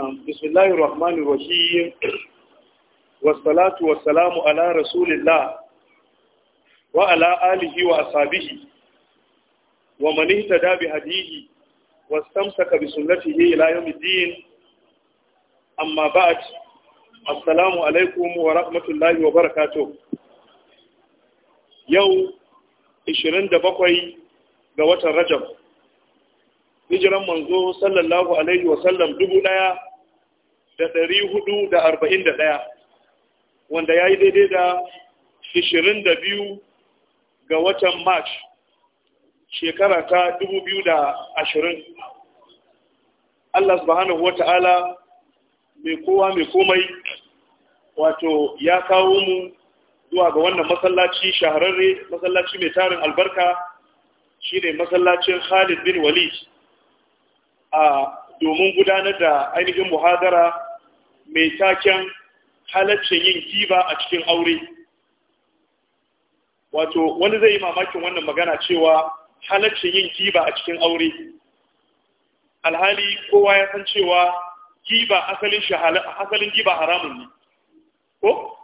بسم الله الرحمن الرحيم والصلاة والسلام على رسول الله وعلى آله وأصحابه ومن اهتدى بهديه واستمسك بسنته إلى يوم الدين أما بعد السلام عليكم ورحمة الله وبركاته يوم 27 ga watan Rajab hijiran manzo sallallahu alaihi wasallam dubu ɗaya da ɗari hudu da arba'in da ɗaya wanda ya yi daidai da ishirin da biyu ga watan march shekara ta dubu biyu da ashirin allah subhanahu wata'ala mai kowa mai komai wato ya kawo mu zuwa ga wannan masallaci shahararre masallaci mai tarin albarka shi ne masallacin khalid bin walid a domin gudanar da ainihin muhadara mai taken halaccin yin giba a cikin aure wato wani zai yi mamakin wannan magana cewa halaccin yin giba a cikin aure alhali kowa ya san cewa giba asalin asalin giba haramun ne ko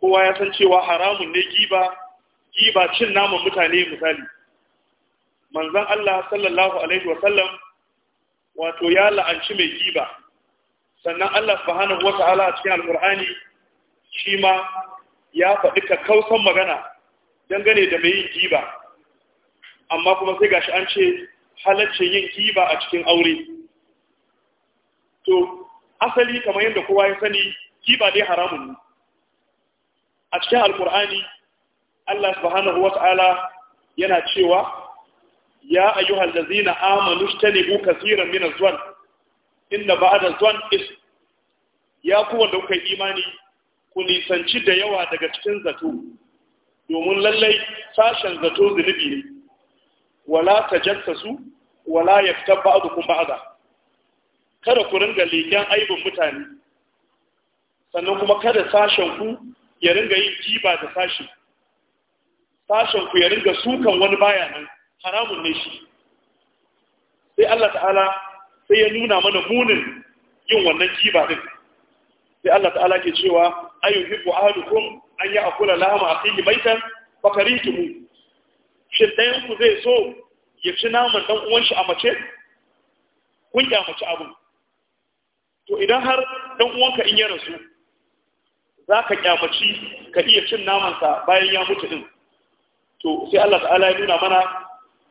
kowa ya san cewa haramun ne giba giba cin naman mutane misali manzon Allah sallallahu alaihi wasallam wato ya la'anci mai giba sannan Allah subhanahu wata'ala a cikin alkur'ani shi ma ya faɗi ka kausan magana dangane da mai yin giba amma kuma sai gashi an ce halaccin yin giba a cikin aure to asali kamar yadda kowa ya sani giba dai haramun ne a cikin alkur'ani Allah subhanahu wata'ala yana cewa ya ayyuhal ladzina amanu ishtanibu kaseeran min az-zann inna ba'da zuwan is ya ku wanda kuka imani ku nisanci da yawa daga cikin zato domin lallai sashen zato zunubi ne wala ta jasta su wala da ba'dukum ba'da kada ku ringa leken aibin mutane sannan kuma kada sashen ku ya ringa yin jiba da sashi sashen ku ya ringa sukan wani bayanan haramun ne shi sai Allah ta'ala sai ya nuna mana munin yin wannan kiba din sai Allah ta'ala ke cewa ayyuhibbu ahadukum an ya'kula lahma akhihi maitan fakaritumu shin ɗayan ku zai so ya ci naman dan uwan shi a mace kun mace abu to idan har dan uwanka in ya rasu zaka ka kyamaci ka iya cin namansa bayan ya mutu din to sai Allah ta'ala ya nuna mana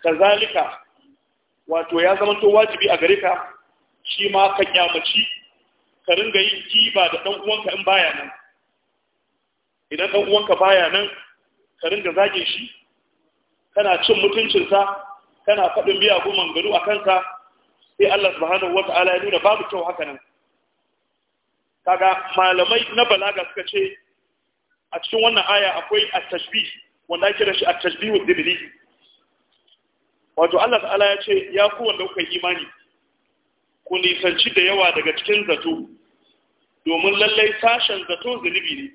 kazalika wato ya zama to wajibi a gare ka shi ma ka kyamaci ka ringa yin da ɗan uwanka in baya nan idan ɗan uwanka baya nan ka ringa zagin shi kana cin mutuncinsa kana faɗin biya goma garu a kansa sai Allah subhanahu wa ta'ala ya nuna babu kyau haka nan kaga malamai na balaga suka ce a cikin wannan aya akwai at-tashbih wanda ake da shi at-tashbih iblis wato Allah ta'ala ya ce ya ku wanda kuka imani ku nisanci da yawa daga cikin zato domin lallai sashen zato zunubi ne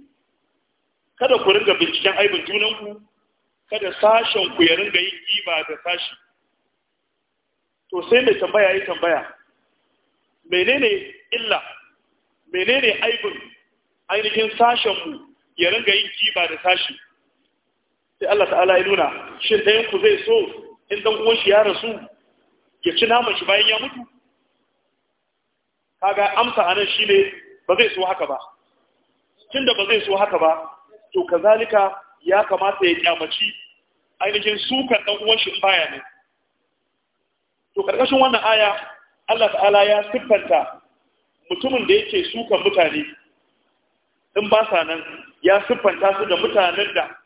kada ku ringa binciken aibin junanku kada sashen ku ya ringa yin kiba da sashi to sai mai tambaya ya tambaya menene illa menene aibin ainihin sashen mu ya ringa yin kiba da sashi sai Allah ta'ala ya nuna shin ɗayan ku zai so in dan uwan shi ya rasu ya ci naman shi bayan ya mutu kaga amsa anan shine ba zai so haka ba tunda ba zai so haka ba to kazalika ya kamata ya kyamaci ainihin sukan dan uwan shi baya ne to karkashin wannan aya Allah ta'ala ya siffanta mutumin da yake sukan mutane in ba sa nan ya siffanta su da mutanen da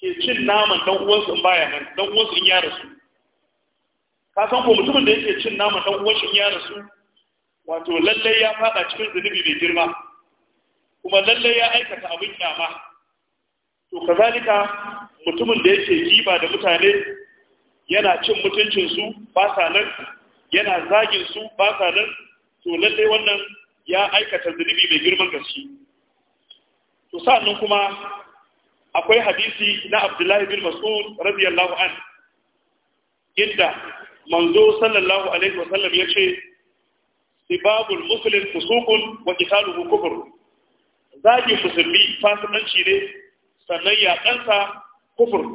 ke cin naman dan uwansu in baya nan dan uwansu in ya rasu ka san ko mutumin da yake cin naman dan uwansu in ya rasu wato lallai ya fada cikin zunubi mai girma kuma lallai ya aikata abin kyama to kazalika mutumin da yake giba da mutane yana cin mutuncinsu ba sa nan yana zagin su ba sa nan to lallai wannan ya aikata zunubi mai girman gaske to sa'annan kuma akwai hadisi na abdullahi bin mas'ud radiyallahu an inda manzo sallallahu alaihi wasallam ya ce sibabul muslim fusukun wa qitaluhu kufr zaji musulmi fasikanci ne sannan ya kansa kufur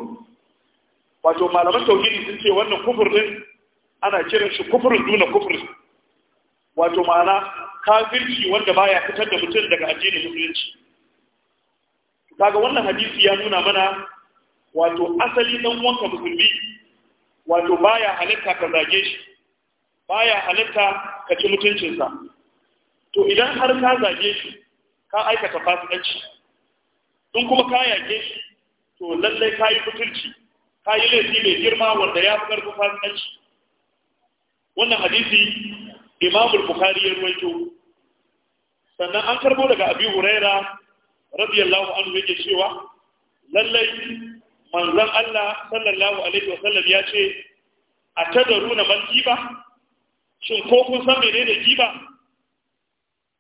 wato malaman tauhidi sun ce wannan kufur din ana kiran shi kufurin duna kufurin wato ma'ana kafirci wanda baya fitar da mutum daga addinin musulunci kaga wannan hadisi ya nuna mana wato asali dan wanka musulmi wato baya halitta ka zage shi baya halitta ka ci mutuncinsa to idan har ka zage shi ka aikata fasikanci in kuma ka yake shi to lallai ka yi mutunci ka yi laifi mai girma wanda ya fi ƙarfin fasikanci wannan hadisi imamul bukhari ya ruwaito sannan an karbo daga abi huraira radiyallahu anhu yake cewa lallai manzon Allah sallallahu alaihi wa sallam ya ce a tadaruna man giba shin ko kun san menene giba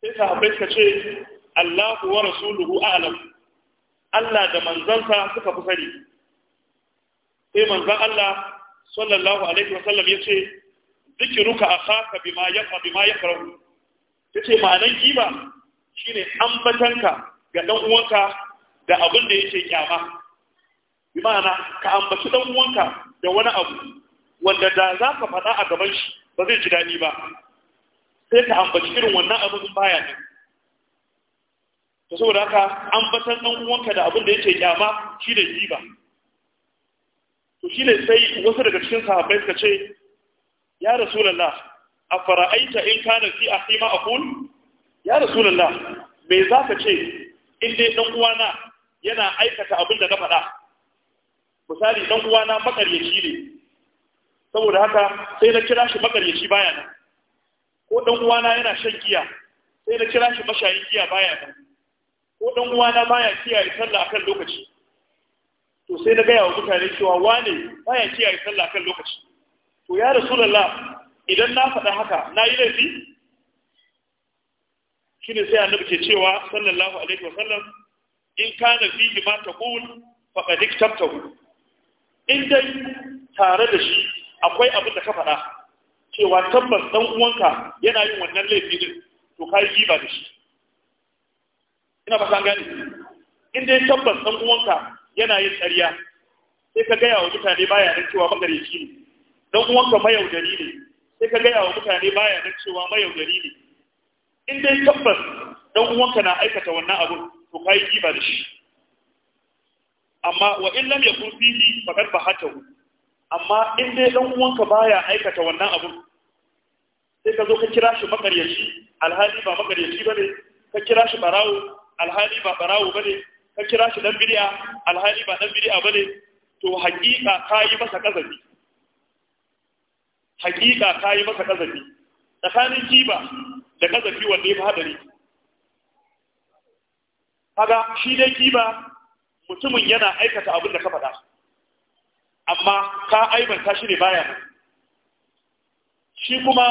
sai sahabbai suka ce Allahu wa rasuluhu a'lam Allah da manzansa suka fi sani sai manzon Allah sallallahu alaihi wa sallam ya ce zikiruka akhaka bima yaqa bima yakrahu yace ma'anan giba shine ambatanka ga ɗan uwanka da abin da yake kyama bi ma'ana ka ambaci ɗan uwanka da wani abu wanda da za ka faɗa a gaban shi ba zai ji daɗi ba sai ka ambaci irin wannan abin baya ne to saboda haka ambatan ɗan uwanka da abin da yake kyama shi da jiba to ne sai wasu daga cikin sahabbai suka ce ya lalla? a fara'aita in kana fi a ma aqul ya rasulullah me ka ce in dai ɗan uwana yana aikata abin da na faɗa misali ɗan uwana makaryaci ne saboda haka sai na kira shi makaryaci baya nan ko ɗan uwana yana shan giya sai na kira shi mashayin giya baya nan ko ɗan uwana baya kiyaye sallah akan lokaci to sai na gaya wa mutane cewa wane baya kiyaye sallah akan lokaci to ya rasulullah idan na faɗa haka na yi laifi shine sai annabi ke cewa sallallahu alaihi wa sallam in kana fihi ma taqul faqad iktabtahu in dai tare da shi akwai abin da ka faɗa cewa tabbas dan uwanka yana yin wannan laifi din to kai giba da shi ina ba san gani in dai tabbas dan uwanka yana yin tsariya sai ka gaya wa mutane baya da cewa magareci ne dan uwanka mayaudari ne sai ka gaya wa mutane baya da cewa mayaudari ne in dai tabbas dan uwanka na aikata wannan abun to kai kiba da shi amma wa in lam yakun fihi faqad bahatahu amma in dai dan uwanka baya aikata wannan abun sai ka zo ka kira shi makaryaci alhali ba makaryaci bane ka kira shi barawo alhali ba barawo bane ka kira shi dan bid'a alhali ba dan bid'a bane to hakika kai masa kazabi hakika kai masa kazabi tsakanin kiba da kazafi wanda ya fi hadari kaga shi dai kima mutumin yana aikata abin da ka faɗa amma ka aibanta shi ne baya shi kuma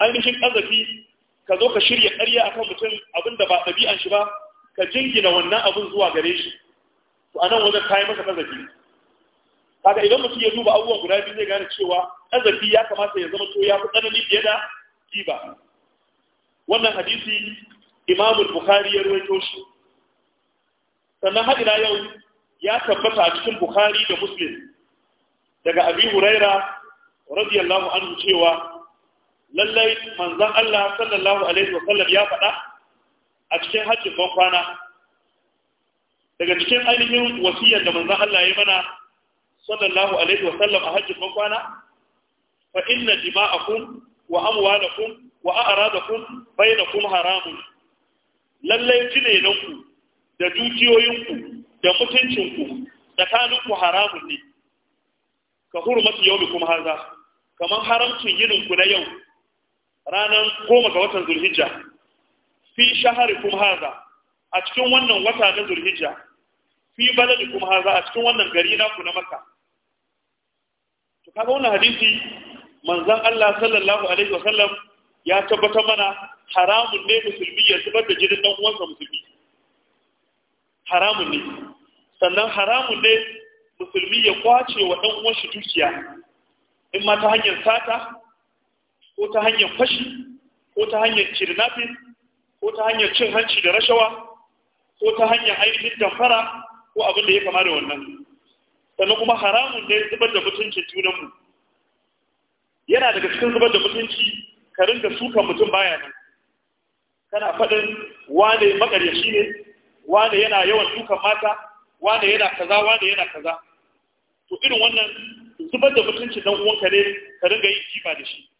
ainihin kazafi ka zo ka shirya ƙarya akan mutum abin da ba ɗabi'an shi ba ka jingina wannan abin zuwa gare shi to anan wajen yi masa kazafi kaga idan mutum ya duba abubuwan guda biyu zai gane cewa kazafi ya kamata ya zama to ya fi tsanani fiye da kiba wannan hadisi imamu bukhari ya ruwaito shi sannan har ila yau ya tabbata a cikin bukhari da muslim daga abi huraira radiyallahu anhu cewa lallai manzon Allah sallallahu alaihi wa sallam ya faɗa a cikin hajjin ban kwana daga cikin ainihin wasiyar da manzon Allah ya mana sallallahu alaihi wa sallam a hajjin ban kwana fa inna dima'akum wa amwalakum wa a'radakum kuma haramun lallai jinenanku da dukiyoyinku da mutuncinku tsakaninku haramun ne ka hurmatu kuma haza kamar haramcin yininku na yau ranar goma ga watan zulhijja fi kuma haza a cikin wannan wata na zulhijja fi kuma haza a cikin wannan gari naku na maka to kaga wannan hadisi manzon Allah sallallahu alaihi wasallam ya tabbata mana haramun ne musulmi ya zubar da jinin ɗan uwansa musulmi haramun ne sannan haramun ne musulmi ya kwace wa ɗan uwan shi dukiya in ma ta hanyar sata ko ta hanyar fashi ko ta hanyar kidnapping ko ta hanyar cin hanci da rashawa ko ta hanyar ainihin damfara ko abin da ya kama da wannan sannan kuma haramun ne zubar da mutuncin junanmu yana daga cikin zubar da mutunci ka da sukan mutum baya nan kana faɗin wane makaryaci ne wane yana yawan dukan mata wane yana kaza wane yana kaza to irin wannan zubar da mutunci dan uwanka ne ka dinga yin kima da shi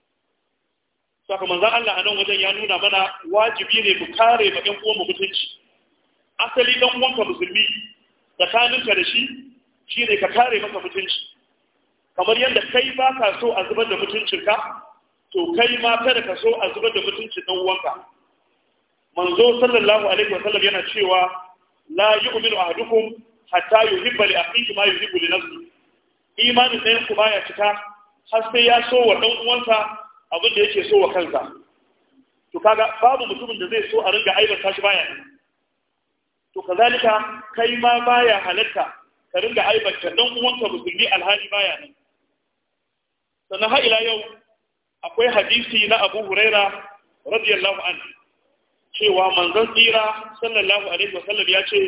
saka manzon Allah a nan wajen ya nuna mana wajibi ne mu kare ma ɗan uwan mu mutunci asali dan uwanka musulmi tsakaninka da shi shine ka kare masa mutunci kamar yadda kai ba ka so a zubar da mutuncinka to kai ma kada ka so a zubar da mutunci dan uwanka manzo sallallahu alaihi wa sallam yana cewa la yu'minu ahadukum hatta yuhibba li akhihi ma yuhibbu li nafsihi imani sai ku baya cika har sai ya so wa dan uwansa abin da yake so wa kansa to kaga babu mutumin da zai so a ringa aibata shi baya to kazalika kai ma baya halatta ka ringa aibata dan uwanka musulmi alhali baya nan sannan har ila yau akwai hadisi na abu huraira radiyallahu an cewa manzon tsira sallallahu alaihi wasallam ya ce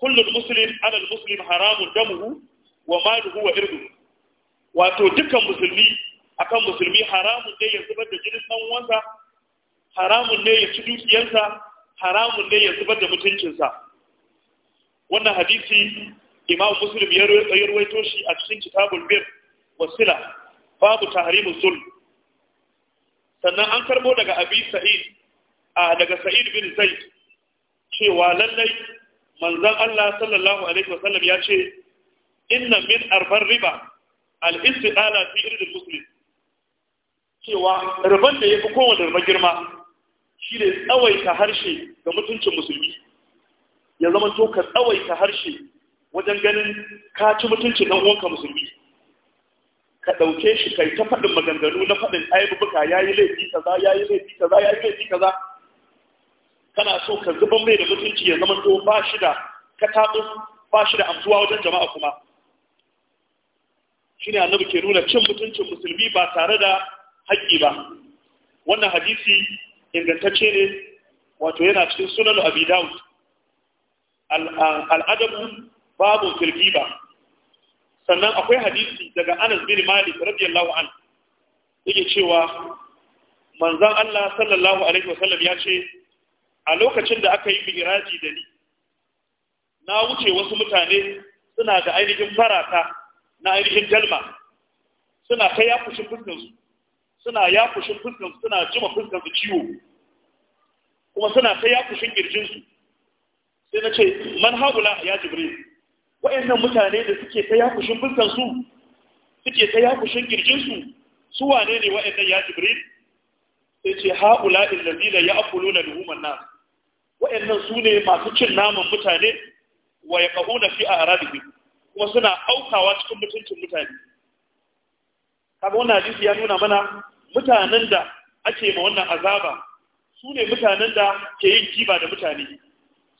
kullum muslim alal muslim haramun damuhu wa maluhu wa irdu wato dukkan musulmi akan musulmi haramun ne ya zubar da jinin dan uwansa haramun ne ya ci dukiyarsa haramun ne ya zubar da mutuncinsa wannan hadisi imam muslim ya ruwaito shi a cikin kitabul bir wasila babu tahrimus zulm sannan an karbo daga abi sa'id a daga sa'id bin zaid cewa lallai manzon Allah sallallahu alaihi wasallam ya ce inna min arbar riba al-istiqala fi irdil muslim cewa riban da ya yafi kowanne riba girma shine tsawaita harshe ga mutuncin musulmi ya zama to ka tsawaita harshe wajen ganin ka ci mutuncin dan uwanka musulmi ka ɗauke shi kai ta faɗin maganganu na faɗin aibubuka ya yi laifi kaza ya yi laifi kaza ya yi laifi kaza kana so ka zuban mai da mutunci ya zama to ba shi da katabus ba shi da amsuwa wajen jama'a kuma shine annabi ke nuna cin mutuncin musulmi ba tare da haƙƙi ba wannan hadisi ingantacce ne wato yana cikin sunan abi daud al'adabu babu ba sannan akwai hadisi daga Anas bin Malik radiyallahu an yake cewa manzon Allah sallallahu alaihi wasallam ya ce a lokacin da aka yi bigiraji da ni na wuce wasu mutane suna da ainihin farata na ainihin dalma suna ta yafushin fuskansu suna yafushin fuskansu suna jima fuskansu ciwo kuma suna ta yafushin kirjinsu sai na ce man haula ya jibril Wa'annan mutane da suke ta yakushin bulkan su suke ta yakushin kirjin su su wane ne wayannan ya jibril sai ce haula illazina na luhuman nas wayannan su ne masu cin naman mutane wa ya na fi a arabi kuma suna aukawa cikin mutuncin mutane kaga wannan hadisi ya nuna mana mutanen da ake ma wannan azaba su ne mutanen da ke yin kiba da mutane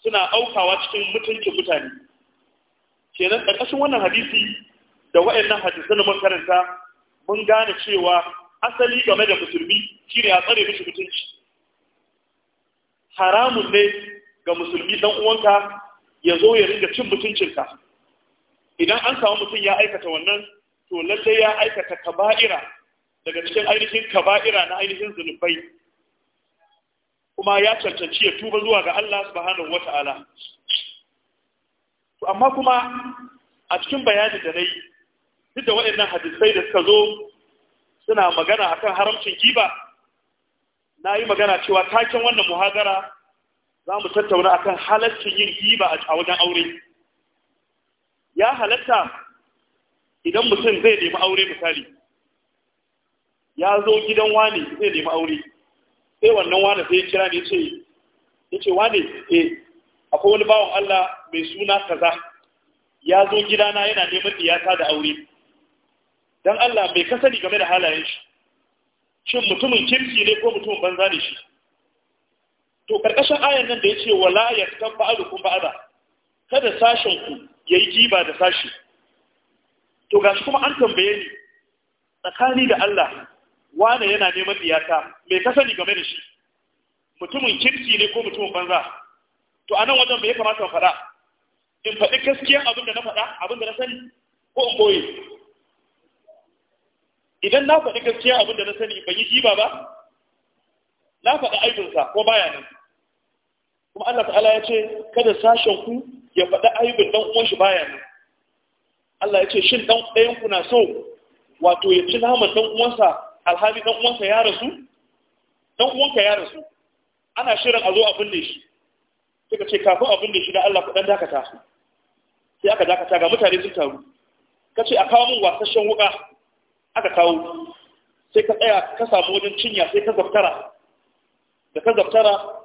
suna aukawa cikin mutuncin mutane kenan ƙarƙashin wannan hadisi da wa'annan hadisan da mun karanta mun gane cewa asali game da musulmi shine a tsare mishi mutunci haramun ne ga musulmi dan uwanka ya zo ya ringa cin mutuncinka idan an samu mutum ya aikata wannan to lallai ya aikata kaba'ira daga cikin ainihin kaba'ira na ainihin zunubai kuma ya cancanci ya tuba zuwa ga Allah subhanahu wata'ala to amma kuma a cikin bayani da na yi duk da waɗannan hadisai da suka zo suna magana akan haramcin giba na yi magana cewa taken wannan muhadara za mu tattauna akan halaccin yin giba a wajen aure ya halatta idan mutum zai nemi aure misali ya zo gidan wane zai nemi aure sai wannan wane sai ya kira ne ce ya ce wane ke? Eh, akwai wani bawan Allah mai suna kaza ya zo gidana yana neman iyata da aure Don Allah mai kasani game da halayen shi shin mutumin kirki ne ko mutumin banza ne shi to karkashin ayan nan da ya ce wala yaktab kun ba'ada. kada sashen ku yayi giba da sashi to gashi kuma an tambaye ni tsakani da Allah wane yana neman iyaka mai kasani game da shi mutumin kirki ne ko mutumin banza to anan wajen me ya kamata faɗa in faɗi gaskiya abin da na faɗa abin da na sani ko in boye idan na faɗi gaskiya abin da na sani ban yi jiba ba na faɗi aibinsa ko baya nan kuma Allah ta'ala ya ce kada sashen ku ya faɗi aibin dan uwan shi baya nan Allah ya ce shin dan ɗayan ku na so wato ya ci naman dan uwansa alhali dan uwansa ya rasu dan uwanka ya rasu ana shirin a zo a binne shi suka ce kafin abin da shi Allah kudan dakata sai aka dakata ga mutane sun taru ka ce a kawo min wasashen wuka aka kawo sai ka tsaya ka samu wajen cinya sai ka zaftara da ka zaftara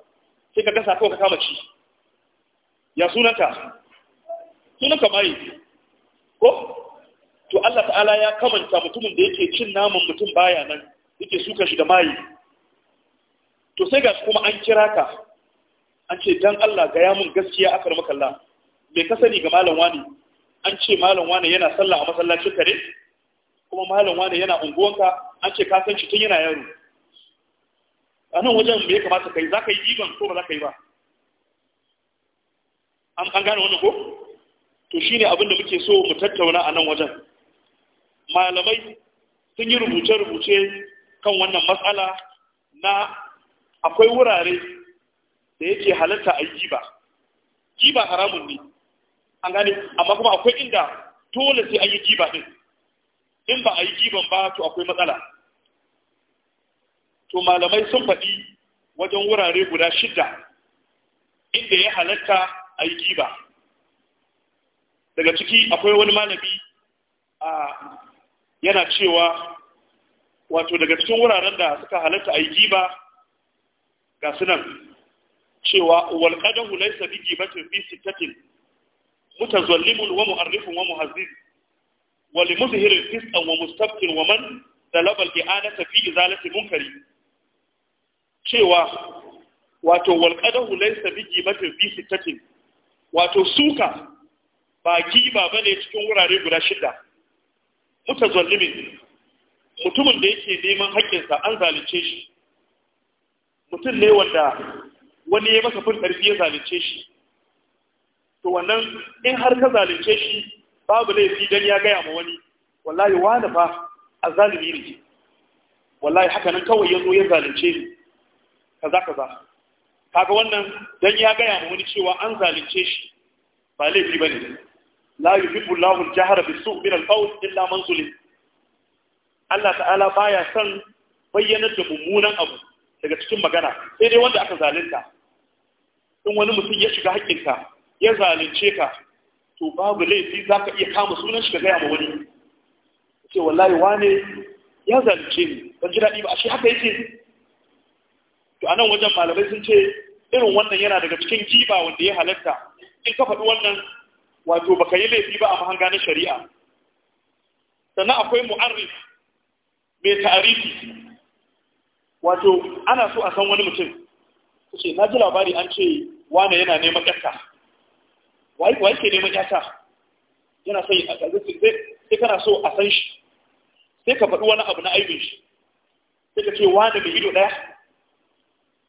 sai ka gasa kawai ka kama ci ya sunanka sunanka mai ko to Allah ta'ala ya kamanta mutumin da yake cin naman mutum baya nan yake suka shi da mai to sai ga kuma an kira ka an ce dan Allah gaya mun gaskiya akar makalla bai ka sani ga malam wani an ce malam wani yana sallah a masallacin kare kuma malam wani yana unguwanka an ce ka san shi tun yana yaro a nan wajen me ya kamata kai za ka yi iban ko ba za ka yi ba an gane wannan ko to shine abin da muke so mu tattauna a nan wajen malamai sun yi rubuce-rubuce kan wannan matsala na akwai wurare da yake halarta a yi giba giba haramun ne an gane amma kuma akwai inda tola sai an yi giba din in ba a yi giban ba to akwai matsala to malamai sun faɗi wajen wurare guda shida inda ya halatta a yi giba daga ciki akwai wani malami a yana cewa wato daga cikin wuraren da suka halarta a yi giba ga sunan cewa wal qadahu laysa bi gibatin fi sittatin mutazallimun wa mu'arrifun wa muhazzib wa li muzhirin fisqan wa mustabqin wa man talaba al-i'anata fi izalati munkari cewa wato wal qadahu laysa bi gibatin fi sittatin wato suka ba giba bane cikin wurare guda shida mutazallimin mutumin da yake neman haƙƙinsa an zalunce shi mutum ne wanda wani ya masa fin ƙarfi ya zalunce shi to wannan in har ka zalunce shi babu laifi don ya gaya ma wani wallahi wani fa a zalimi ne wallahi haka nan kawai ya zo ya zalunce ni kaza kaza kaga wannan don ya gaya ma wani cewa an zalunce shi ba laifi ne la yuhibbu Allahu al-jahra bis-su'i min al-qawl illa man zulim Allah ta'ala baya son bayyanar da mummunan abu daga cikin magana sai dai wanda aka zalunta in wani mutum ya shiga haƙƙinka ya zalunce ka to babu laifi za ka iya kama sunan shi ka gaya ma wani ce wallahi wane ya zalunce ni ban ji daɗi ba ashe haka yake to a nan wajen malamai sun ce irin wannan yana daga cikin giba wanda ya halatta in ka faɗi wannan wato baka yi laifi ba a mahanga na shari'a sannan akwai mu'arrif mai tarihi wato ana so a san wani mutum ce na ji labari an ce wane yana neman ƴarka wa yake neman ƴarka yana sai a ƙarfi sai kana so a san shi sai ka faɗi wani abu na aibin shi sai ka ce wane mai ido ɗaya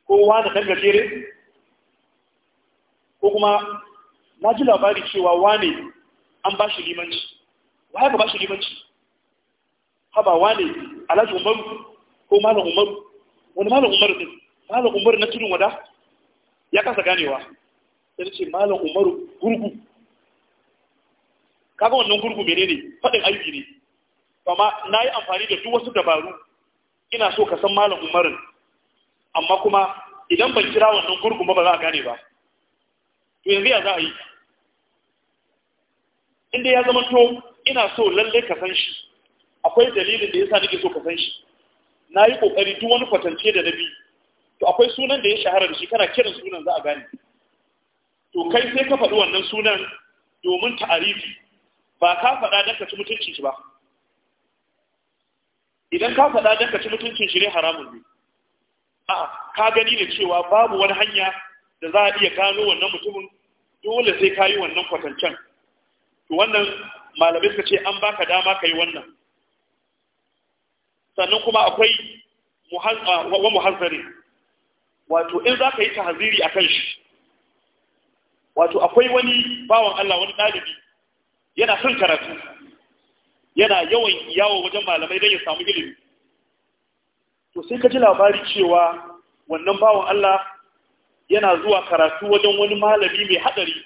ko wane ɗan gajere ko kuma na ji labari cewa wane an ba shi limanci wa ya ka ba shi limanci haba wane alhaji umaru ko malam umaru wani malam umaru ne malam umar na tudun wada ya kasa ganewa sai ce malam umar gurgu kaga wannan gurgu menene faɗin aiki ne amma na yi amfani da duk wasu dabaru ina so ka san malam umarin amma kuma idan ban kira wannan gurgu ba ba za a gane ba to yanzu ya za a yi inda ya zama to ina so lallai ka san shi akwai dalilin da ya yasa nake so ka san shi na yi kokari duk wani kwatance da na biyu to akwai sunan da ya shahara da shi kana kiran sunan za a gane to kai sai ka faɗi wannan sunan domin ta'arifi ba ka faɗa don ka ci mutuncin shi ba idan ka faɗa don ka ci mutuncin shi ne haramun ne a ka gani da cewa babu wani hanya da za a iya gano wannan mutumin dole sai ka yi wannan kwatancen to wannan malamai suka ce an baka dama ka yi wannan sannan kuma akwai wa muhazzari wato in za ka yi tahaziri a kan shi wato akwai wani bawan Allah wani ɗalibi yana son karatu yana yawan yawo wajen malamai don ya samu ilimi to sai ka ji labari cewa wannan bawan Allah yana zuwa karatu wajen wani malami mai hadari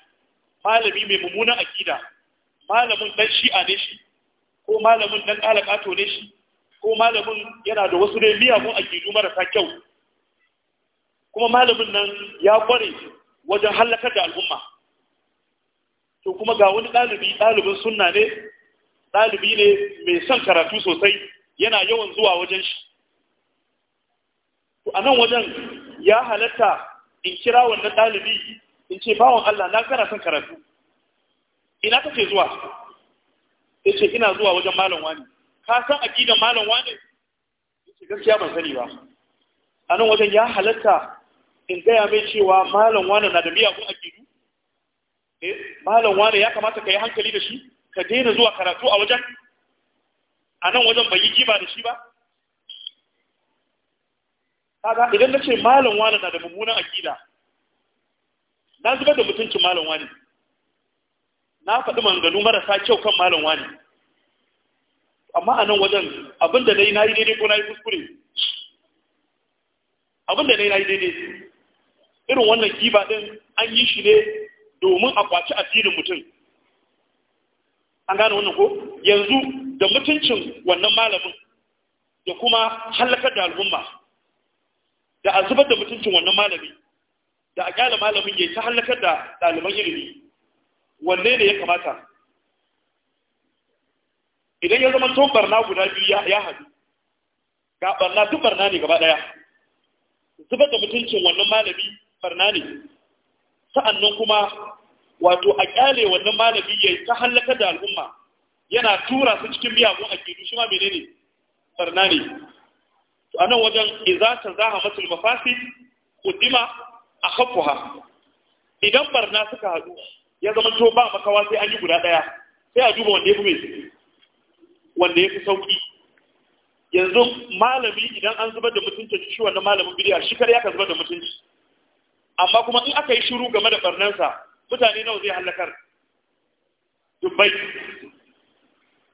malami mai mummunan akida malamin dan shi'a ne shi ko malamin dan alaƙato ne shi ko malamin yana da wasu dai miyagun akidu marasa kyau kuma malamin nan ya kware wajen halakar da al'umma to kuma ga wani ɗalibi ɗalibin sunna ne ɗalibi ne mai son karatu sosai yana yawan zuwa wajen shi to a nan wajen ya halatta in kira wannan ɗalibi in ce bawan Allah na kana son karatu ina kake zuwa ya ce ina zuwa wajen malam wani ka san aƙidan malam wani ya gaskiya ban sani ba a nan wajen ya halatta in gaya mai cewa malon wani na da miyagun gidu eh malon wani ya kamata ka yi hankali da shi ka daina zuwa karatu a wajen a nan wajen bai yi kiba da shi ba kaga idan na ce malon wani na da mummunan akida na zubar da mutuncin malon wani na faɗi manganu marasa kyau kan malon wani amma a nan wajen abinda na yi na yi daidai ko na yi kuskure abinda na yi na yi daidai irin wannan giba din an yi shi ne domin a kwaci asirin mutum an gane wannan ko yanzu da mutuncin wannan malamin da kuma halakar da al'umma da a zubar da mutuncin wannan malami da a kyala malamin ya ta halakar da ɗaliban ilimi wanne ne ya kamata idan ya zama to barna guda biyu ya haɗu ga barna duk barna ne gaba ɗaya zubar da mutuncin wannan malami barna ne sa'annan kuma wato a kyale wannan malami ya ta hallaka da al'umma yana tura su cikin miyagun akidu shi ma menene barna ne to anan wajen idza tazaha matul mafasid qudima akhafuha idan barna suka hadu ya zama to ba makawa sai an yi guda ɗaya, sai a duba wanda ya fi wanda ya fi sauki yanzu malami idan an zubar da mutunci shi wannan malamin bidiya shi kar ya ka zubar da mutunci amma kuma in aka yi shiru game da barnansa mutane nawa zai halakar dubbai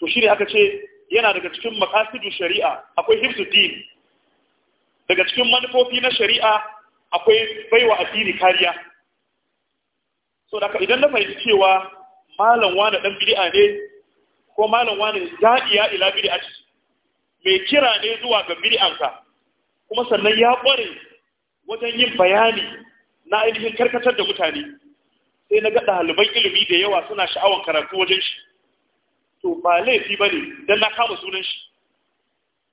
to shi ne aka ce yana daga cikin makasidu shari'a akwai hifzu din daga cikin manufofi na shari'a akwai baiwa addini kariya so daga idan na fahimci cewa malam wani dan bid'a ne ko malam wani da'iya ila bid'a mai kira ne zuwa ga bid'anka kuma sannan ya kware wajen yin bayani na ainihin karkatar da mutane sai na ga ɗaliban ilimi da yawa suna sha'awan karatu wajen shi to ba laifi ba ne don na kama sunan shi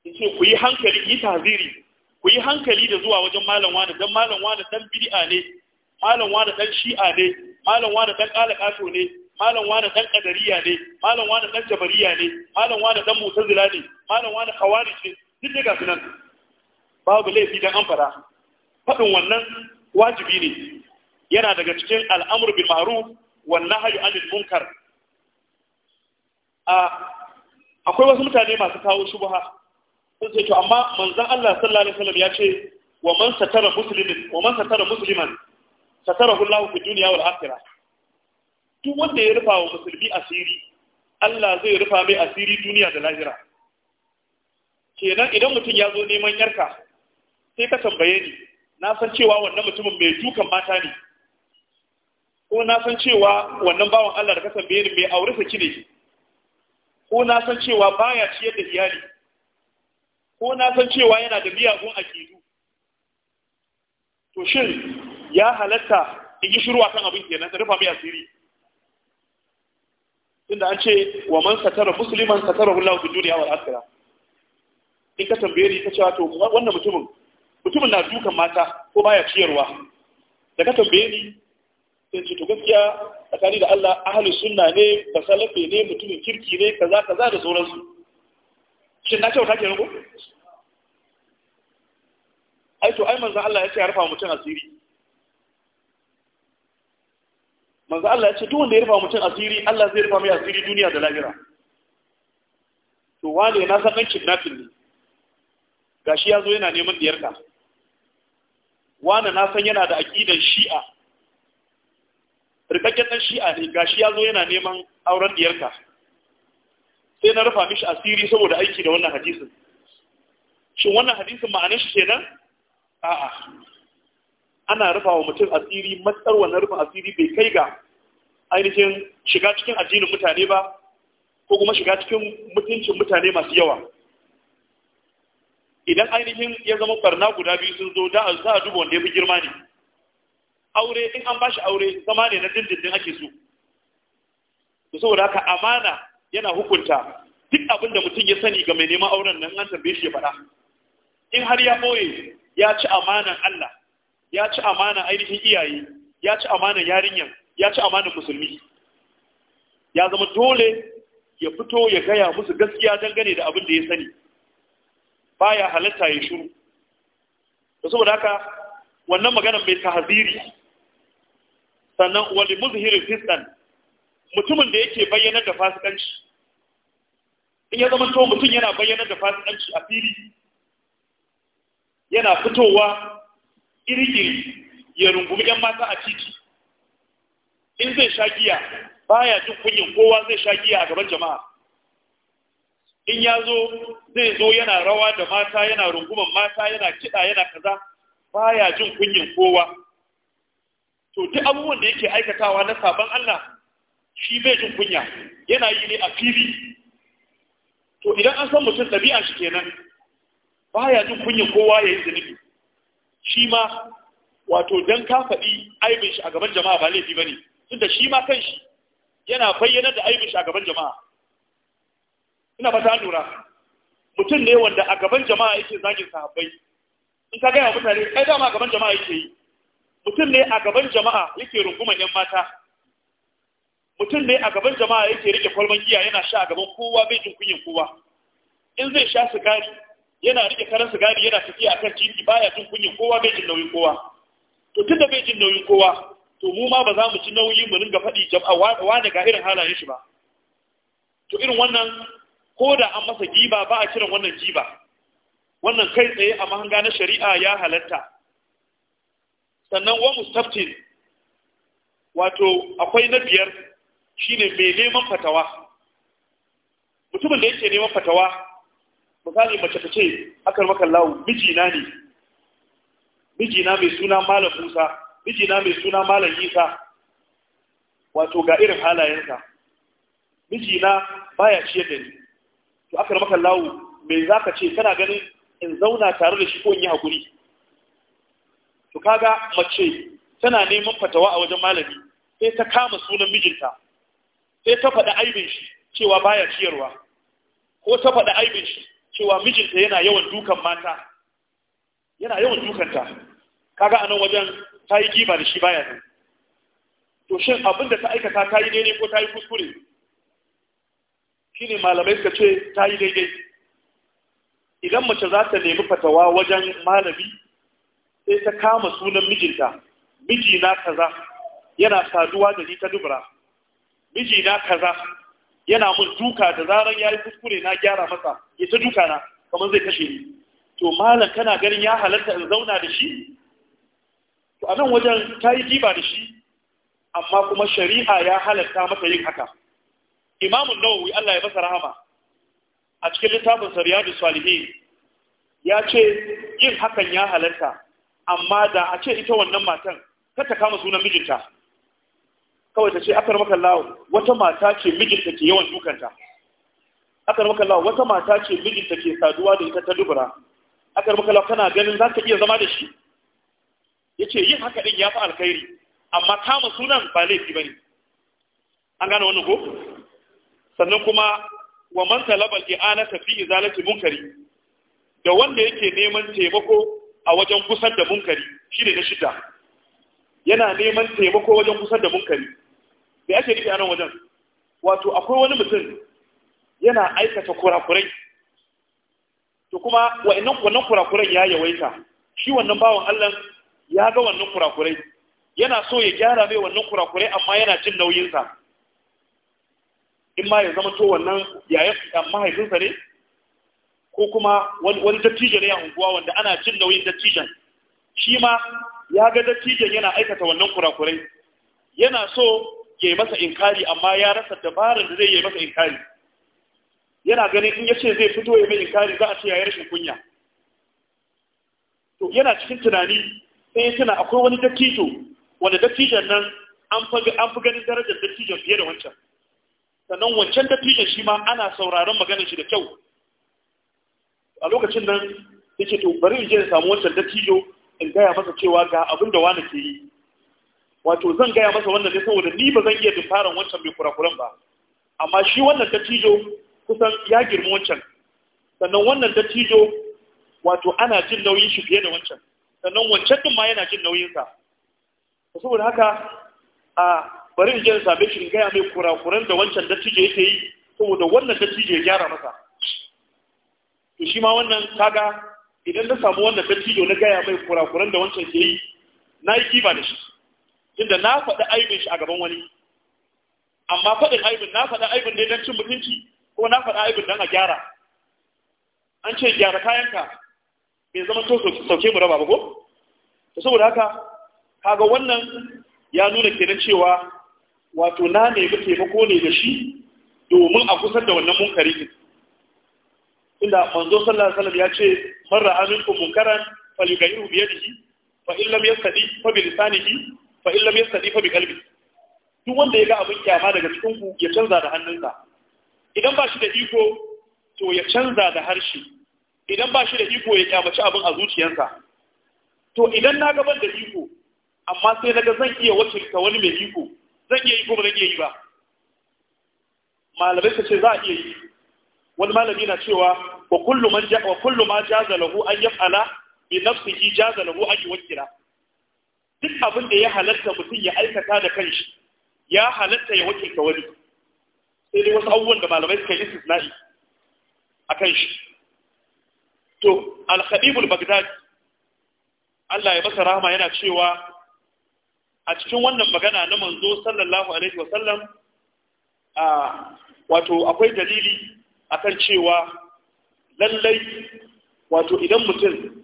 in ce ku yi hankali yi taziri ku yi hankali da zuwa wajen malam wani don malam wani dan bid'a ne malam wani dan shi'a ne malam wani dan ƙalaƙato ne malam wani dan ƙadariya ne malam wani dan jabariya ne malam wani dan mutazila ne malam wani khawarij ne duk da gasu sunan babu laifi don an fara faɗin wannan wajibi ne yana daga cikin al'amur bil Maru, wan nahyu anil munkar akwai wasu mutane masu kawo shubaha, sun ce to amma manzan Allah sallallahu alaihi wasallam ya ce wa man satara muslimin wa man satara musliman satara Allah fi duniya wal akhirah duk wanda ya rufa wa musulmi asiri Allah zai rufa mai asiri duniya da lahira kenan idan mutum ya zo neman yarka sai ka tambaye ni na san cewa wannan mutumin mai dukan mata ne ko na san cewa wannan bawan Allah da ka tambaye ni mai aure saki ne ko na san cewa baya ciyar da iyali ko na san cewa yana da miyagun akidu to shin ya halatta in yi shiru akan abin kenan ka rufa mai asiri tunda an ce wa man satara musliman satara Allah fi duniya wal akhirah in ka tambaye ni ka cewa to wannan mutumin mutumin na dukan mata ko baya ciyarwa da ka tambaye ni sai ce to gaskiya tsakani da Allah ahli sunna ne basalafe ne mutumin kirki ne kaza kaza da su shin na kyauta ke rubu ai to ai manzo Allah ya ce ya rufa mutum asiri manzo Allah ya ce duk wanda ya rufa mutum asiri Allah zai rufa mai asiri duniya da lahira to wane na san dan nafin ne gashi ya zo yana neman diyarka wani na san yana da aƙidan shi'a rikakken ɗan shi'a ne gashi ya zo yana neman auren diyarka sai na rufa mishi asiri saboda aiki da wannan hadisin shin wannan hadisin ma'anin shi kenan a'a ana rufa wa mutum asiri matsar wannan rufin asiri bai kai ga ainihin shiga cikin addinin mutane ba ko kuma shiga cikin mutuncin mutane masu yawa idan ainihin ya zama barna guda biyu sun zo da za a duba wanda ya fi girma ne aure in an bashi aure zama ne na dindindin ake so to saboda haka amana yana hukunta duk abin da mutum ya sani ga mai neman auren nan an tambaye shi ya faɗa in har ya boye ya ci amanan Allah ya ci amanan ainihin iyaye ya ci amanan yarinyar, ya ci amanan musulmi ya zama dole ya fito ya gaya musu gaskiya dangane da abin da ya sani baya halatta ya shiru. da saboda haka wannan maganar mai tahaziri sannan wali muzhirin fiskan mutumin da yake bayyana da fasikanci in ya zama to mutum yana bayyana da fasikanci a fili yana fitowa iri-iri ya rungumi 'yan mata a titi in zai sha giya baya jin kunyin kowa zai sha giya a gaban jama'a in ya zo zai zo yana rawa da mata yana runguman mata yana kiɗa yana kaza baya jin kunyin kowa to duk abubuwan da yake aikatawa na sabon Allah shi bai jin kunya yana yi ne a fili to idan an san mutum ɗabi'a shi kenan baya jin kunyin kowa ya yi zunubi shi ma wato dan ka faɗi aibin shi a gaban jama'a ba laifi ba ne tunda shi ma kanshi yana bayyana da aibin shi a gaban jama'a ina ba ta lura mutum ne wanda a gaban jama'a yake zagin sahabbai in ka gaya mutane kai dama a gaban jama'a yake yi mutum ne a gaban jama'a yake runguman yan mata mutum ne a gaban jama'a yake rike kwalban giya yana sha a gaban kowa bai jin kunyin kowa in zai sha sigari yana rike karan sigari yana tafiya akan titi baya jin kunyin kowa bai jin nauyin kowa to tunda bai jin nauyin kowa to mu ma ba za mu ci nauyi mu ringa faɗi jama'a wane ga irin halayen shi ba to irin wannan ko da an masa giba ba a kiran wannan giba wannan kai tsaye a mahanga na shari'a ya halatta sannan wa mustaftin wato akwai na biyar shine mai neman fatawa mutumin da yake neman fatawa misali mace ta ce akar maka lawo mijina ne mijina mai suna malam musa mijina mai suna malam isa wato ga irin halayensa mijina baya ciyar da ni to aka maka lawo me za ka ce tana ganin in zauna tare da shi ko in yi haƙuri to kaga mace tana neman fatawa a wajen malami sai ta kama sunan mijinta sai ta faɗi aibin shi cewa baya ciyarwa ko ta faɗi aibin shi cewa mijinta yana yawan dukan mata yana yawan dukanta kaga a nan wajen ta yi giba da shi baya nan to shin abin da ta aikata ta yi daidai ko ta yi kuskure shine malamai suka ce ta yi daidai idan mace za ta nemi fatawa wajen malami sai ta kama sunan mijinta mijina kaza yana saduwa da ni ta dubura mijina kaza yana mun duka da zaran yi kuskure na gyara masa ya ta duka na kamar zai kashe ni to malam kana ganin ya halatta in zauna da shi to anan wajen ta yi jiba da shi amma kuma shari'a ya halatta mata yin haka imamun nawawi Allah ya masa rahama a cikin littafin sariyadu salihi ya ce yin hakan ya halarta amma da a ce ita wannan matan kar ta kama sunan mijinta kawai ta ce akar maka lawo wata mata ce mijinta ke yawan dukanta akar maka lawo wata mata ce mijinta ke saduwa da ita ta dubura akar maka lawo kana ganin za ka iya zama da shi ya ce yin haka ɗin ya fi alkhairi amma kama sunan ba laifi ba ne an gane wannan ko sannan kuma wa man talabal i'anata fi izalati munkari da wanda yake neman taimako a wajen kusar da munkari shine na shida yana neman taimako wajen kusar da munkari da yake nufi a nan wajen wato akwai wani mutum yana aikata kurakurai to kuma wa'annan wannan kurakurai ya yawaita shi wannan bawan Allah ya ga wannan kurakurai yana so ya gyara mai wannan kurakurai amma yana jin nauyinsa in ma ya zama to wannan yayan mahaifinsa ne ko kuma wani dattijo ne a unguwa wanda ana cin nauyin dattijan shi ma ya ga dattijan yana aikata wannan kurakurai yana so ya yi masa inkari amma ya rasa dabarar da zai yi masa inkari yana ganin in ya ce zai fito ya mai inkari za a ce ya yi rashin kunya to yana cikin tunani sai ya akwai wani dattijo wanda dattijan nan an fi ganin darajar dattijan fiye da wancan sannan wancan dattijan shi ma ana sauraron maganar shi da kyau a lokacin nan yake to bari in je in samu wancan dattijo in gaya masa cewa ga abin da wani ke yi wato zan gaya masa wannan ne saboda ni ba zan iya dimfaran wancan mai kurakuran ba amma shi wannan dattijo kusan ya girma wancan sannan wannan dattijo wato ana jin nauyin shi fiye da wancan sannan wancan din ma yana jin nauyinsa saboda haka a bari in je in same shi in gaya mai kurakuran da wancan dattijo yake yi saboda wannan dattijo ya gyara masa to shi ma wannan kaga idan na samu wannan dattijo na gaya mai kurakuran da wancan ke yi na yi kiba da shi inda na faɗi aibin shi a gaban wani amma faɗin aibin na faɗi aibin ne don cin mutunci ko na faɗi aibin don a gyara an ce gyara kayanka bai zama to sauke mu raba ba ko saboda haka kaga wannan ya nuna kenan cewa wato na nemi taimako ne da shi domin a kusa da wannan munkari din inda manzo sallallahu alaihi wasallam ya ce man ra'a minkum munkaran falyughayyirhu bi yadihi fa in lam yastadi fa bi lisanihi fa in lam yastadi fa bi qalbi duk wanda ya ga abin kyama daga cikin ku ya canza da hannunsa idan ba shi da iko to ya canza da harshe idan ba shi da iko ya kyamaci abin a zuciyarsa to idan na gaban da iko amma sai naga zan iya ka wani mai iko zan iya yi ko ba zan iya yi ba malamai suka ce za a iya yi wani malami na cewa wa kullu man ja wa kullu ma jaza lahu an yaf'ala bi nafsihi jaza lahu an yuwakkila duk abin da ya halatta mutum ya aikata da kanshi ya halatta ya wakilta wani sai dai wasu abubuwan da malamai suka yi istisna'i a kan to al-khabib baghdadi Allah ya masa rahama yana cewa a cikin wannan magana na manzo sallallahu alaihi wasallam a wato akwai dalili akan cewa lallai wato idan mutum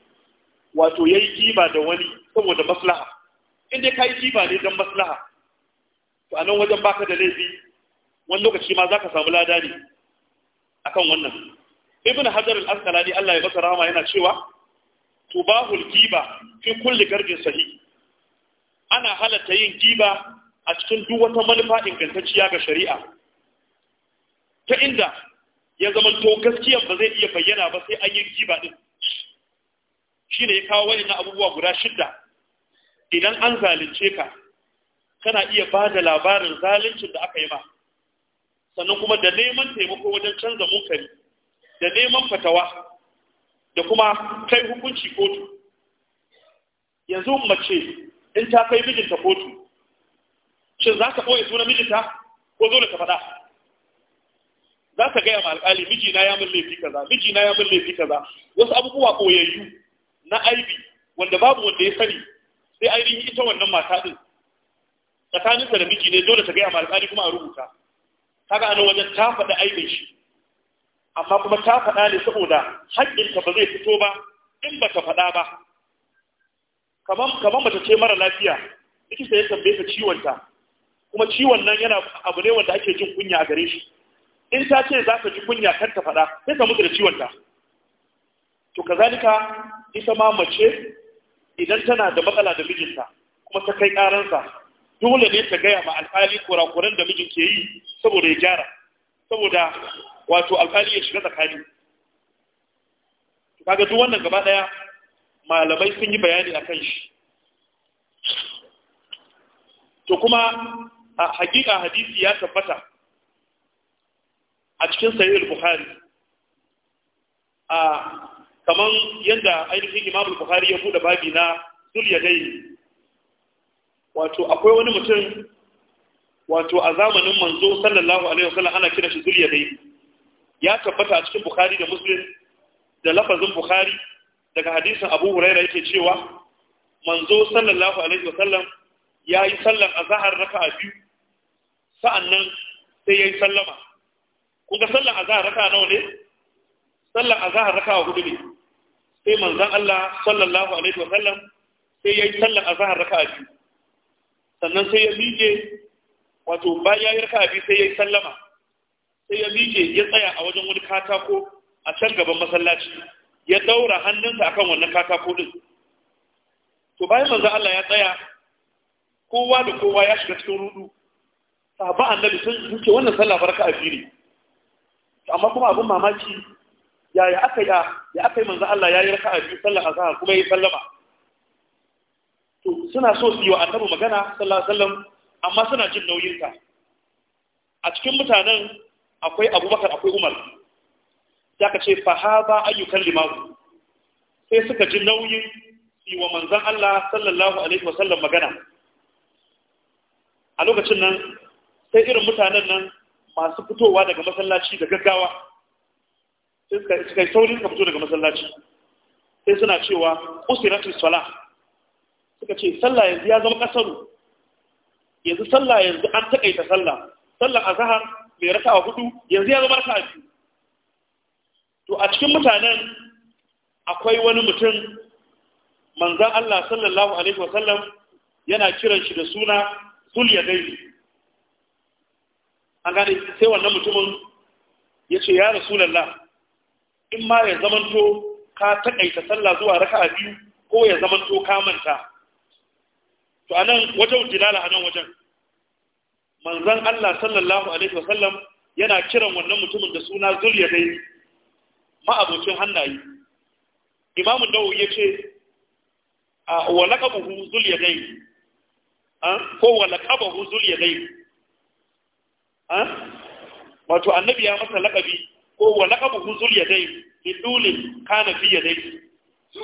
wato ya yi kiba da wani saboda maslaha inda ka yi kiba ne don maslaha to a nan wajen baka da laifi wani lokaci ma za ka samu lada ne akan wannan ibn hajar al-asqalani Allah ya masa rahama yana cewa tubahul kiba fi kulli garbin sahihi ana halatta yin giba a cikin duk wata manufa ingantacciya ga shari'a ta inda ya zama to gaskiya ba zai iya bayyana ba sai an yi giba din Shi shine ya kawo na abubuwa guda shidda idan an zalunce ka kana iya ba da labarin zaluncin da aka yi ma sannan kuma da neman taimako wajen canza munkari da neman fatawa da kuma kai hukunci kotu yanzu mace in ta kai mijinta kotu shin za ta ɓoye sunan mijinta ko da ta faɗa za ta gaya ma alƙali mijina ya min laifi kaza mijina ya min laifi kaza wasu abubuwa ɓoyayyu na aibi wanda babu wanda ya sani sai ainihin ita wannan mata ɗin tsakaninsa da miji ne dole ta gaya ma alƙali kuma a rubuta kaga anan wajen ta faɗi aibin shi amma kuma ta faɗa ne saboda haƙƙinta ba zai fito ba in ba ta faɗa ba kamar mace ce mara lafiya likita ya tambaye ka ciwon ta kuma ciwon nan yana abu ne wanda ake jin kunya a gare shi in ta ce za ka ji kunya kan ta faɗa sai ka mutu da ciwon ta to kazalika ita ma mace idan tana da matsala da mijinta kuma ta kai ƙaransa dole ne ta gaya ma alƙali kurakuran da mijin ke yi saboda ya gyara saboda wato alƙali ya shiga tsakani kaga duk wannan gaba daya malamai sun yi bayani akan shi to kuma a hakika hadisi ya tabbata a cikin sahih al-bukhari a kamar yadda ainihin imam al-bukhari ya bude babi na dai, wato akwai wani mutum wato a zamanin manzo sallallahu alaihi wasallam ana kira shi zuliyadai ya tabbata a cikin bukhari da muslim da lafazin bukhari daga hadisin abu huraira yake cewa manzo sallallahu alaihi wasallam ya yi sallan azahar a biyu sa'annan sai ya yi sallama kun ga a azahar raka nawa ne sallan azahar a hudu ne sai manzan Allah sallallahu alaihi wasallam sai ya yi sallan azahar a biyu sannan sai ya miƙe wato bayan ya yi a biyu sai ya yi sallama sai ya miƙe ya tsaya a wajen wani katako a can gaban masallaci ya daura hannunsa akan wannan katako din to bayan manzo Allah ya tsaya kowa da kowa ya shiga cikin rudu sahaba annabi sun ce wannan sallah baraka a fili amma kuma abin mamaki ya ya aka ya ya aka yi manzo Allah ya yi raka'a biyu sallah azhar kuma ya sallama to suna so su yi wa annabi magana sallallahu alaihi wasallam amma suna jin nauyin ta a cikin mutanen akwai Abubakar akwai Umar Ya ka ce fahaba ayyukan limahu sai suka ji nauyin yi wa manzan Allah sallallahu alaihi wasallam magana a lokacin nan sai irin mutanen nan masu fitowa daga masallaci da gaggawa sai suka yi saurin suka fito daga masallaci sai suna cewa usiratul sala suka ce sallah yanzu ya zama kasaru yanzu sallah yanzu an takaita sallah sallah azhar bai raka'a hudu yanzu ya zama raka'a biyu to a cikin mutanen akwai wani mutum manzan Allah sallallahu alaihi wasallam yana kiran shi da suna zulyadaini an gane sai wannan mutumin ya ce ya rasulallah in ma ya zamanto ka taƙaita sallah zuwa raka'a biyu ko ya zamanto ka manta to anan wajen a anan wajen manzon Allah sallallahu alaihi wasallam yana kiran wannan mutumin da suna zulyadaini ma'abocin hannaye imamu dawo ya ce a walaqabuhu zul yadayn ko walaqabahu zul yadayn wato annabi ya masa lakabi ko walaqabuhu zul yadayn li dulin kana fi yadayn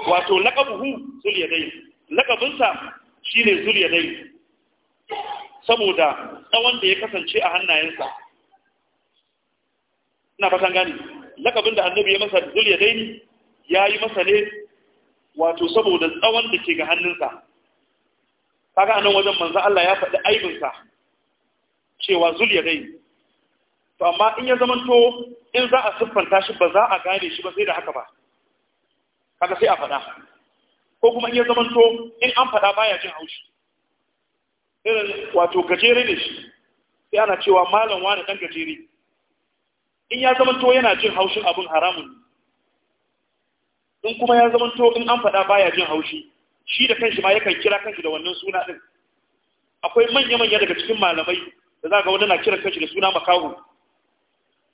wato lakabuhu zul yadayn laqabinsa shine zul yadayn saboda tsawon da ya kasance a hannayensa ina fatan gani lakabin da annabi ya masa zulya yadaini ya yi masa ne wato saboda tsawon da ke ga hannunsa kaga anan wajen manzo Allah ya faɗi aibinsa cewa zul yadaini to amma in ya to in za a siffanta shi ba za a gane shi ba sai da haka ba kaga sai a faɗa ko kuma in ya to in an faɗa baya jin haushi irin wato gajere ne shi sai ana cewa malam wani dan gajere in ya zamanto yana jin haushin abin haramun in kuma ya zamanto in an fada baya jin haushi shi da kanshi ma yakan kira kanshi da wannan suna din. akwai manya-manya daga cikin malamai da za ga wani na kiran kanshi da suna makahu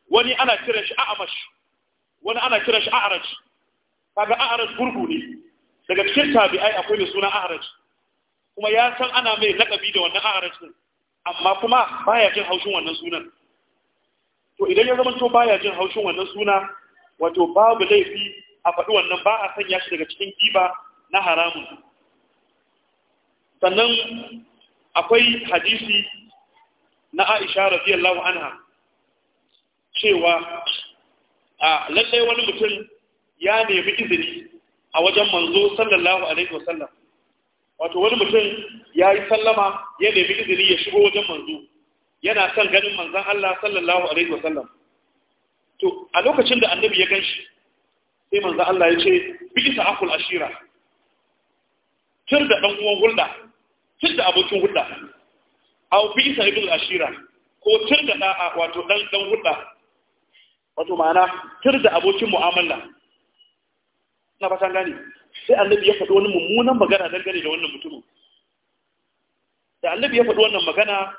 wani ana kiran shi a'amash wani ana kiran shi a'araj kaga a'araj gurgu ne daga cikin tabi'ai akwai mai suna a'araj kuma ya san ana mai lakabi da wannan a'araj din amma kuma baya jin haushin wannan sunan to idan ya zama to baya jin haushin wannan suna wato babu laifi a faɗi wannan ba a sanya shi daga cikin kiba na haramun sannan akwai hadisi na Aisha radiyallahu anha cewa a lallai wani mutum ya nemi izini a wajen manzo sallallahu alaihi wasallam wato wani mutum ya yi sallama ya nemi izini ya shigo wajen manzo yana son ganin manzon Allah sallallahu alaihi wasallam to a lokacin da annabi ya ganshi sai manzon Allah ya ce bisa akul ashira tur da dan uwan hulda tur da abokin hulda aw bisa ibil ashira ko tur da ɗa'a wato dan dan hulda wato ma'ana tur da abokin mu'amala na ba san gani sai annabi ya faɗi wani mummunan magana dangane da wannan mutumin da annabi ya faɗi wannan magana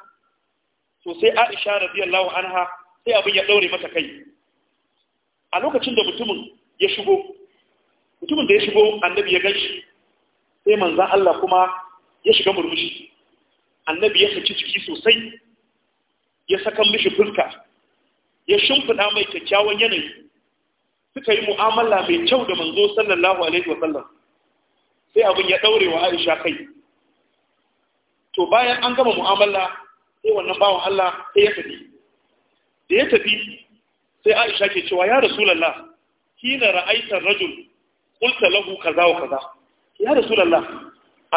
to sai Aisha radiyallahu anha sai abin ya daure mata kai a lokacin da mutumin ya shigo mutumin da ya shigo annabi ya ganshi sai manzan Allah kuma ya shiga murmushi annabi ya saki jiki sosai ya saka mishi fuska ya shimfiɗa mai kyakkyawan yanayi suka yi mu'amala mai kyau da manzo sallallahu alaihi wa sallam sai abin ya daure wa Aisha kai to bayan an gama mu'amala sai wannan bawan Allah sai ya tafi da ya tafi sai Aisha ke cewa ya Rasulullah kina ra'aitar rajul qulta lahu kaza wa kaza ya Rasulullah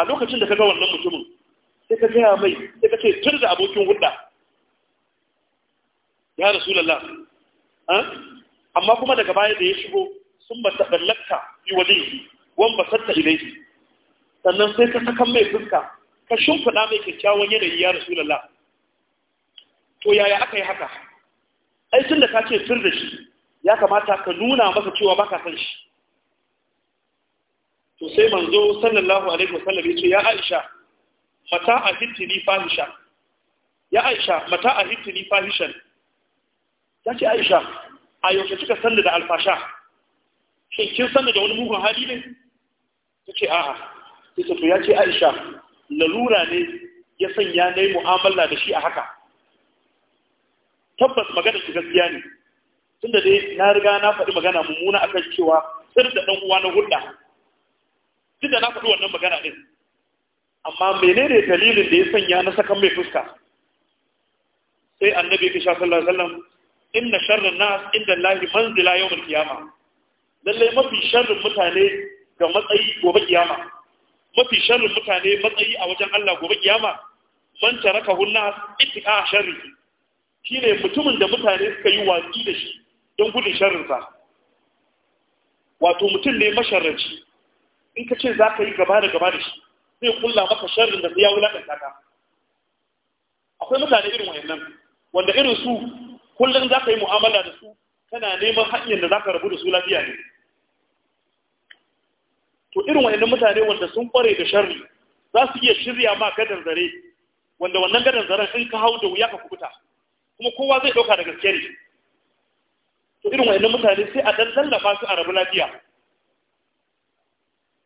a lokacin da kaga wannan mutumin sai ka gaya mai sai ka ce tun abokin hudda ya Rasulullah amma kuma daga baya da ya shigo sun ba taballaka fi wajhihi wan basatta ilayhi sannan sai ka saka mai fuska ka shimfiɗa mai kyakkyawan yanayi ya Rasulullah to yaya aka yi haka ai tun da ka ce tun da shi ya kamata ka nuna masa cewa ba ka san shi to sai manzo sallallahu alaihi wasallam ya ce ya Aisha mata a hittini fahisha ya Aisha mata a hittini fahishan ta ce Aisha a yaushe kika sanda da alfasha shin kin sanda da wani mugun hali ne ta ce a'a sai to ya ce Aisha lalura ne ya sanya na yi mu'amala da shi a haka tabbas maganar shi gaskiya ne tunda dai na riga na faɗi magana mummuna akan cewa sir da dan uwa na hulɗa tunda na faɗi wannan magana din. amma menene dalilin da ya sanya na sakan mai fuska sai annabi ya sha sallallahu alaihi wasallam inna sharran nas inda Allah manzila yawmul qiyama lalle mafi sharrin mutane ga matsayi gobe kiyama mafi sharrin mutane matsayi a wajen Allah gobe kiyama man taraka hunnas ittiqa sharri shi ne mutumin da mutane suka yi watsi da shi don gudun sharrinsa wato mutum ne masharranci in ka ce za ka yi gaba da gaba da shi zai kulla maka sharrin da ya wulaƙanta ka akwai mutane irin nan wanda irin su kullum za ka yi mu'amala da su kana neman hanyar da za ka rabu da su lafiya ne to irin wayannan mutane wanda sun kware da sharri za su iya shirya ma gadar zare wanda wannan gadar zaren in ka hau da wuya ka kubuta kuma kowa zai ɗauka da gaske ne to irin wa'annan mutane sai a dan lallafa su a rabu lafiya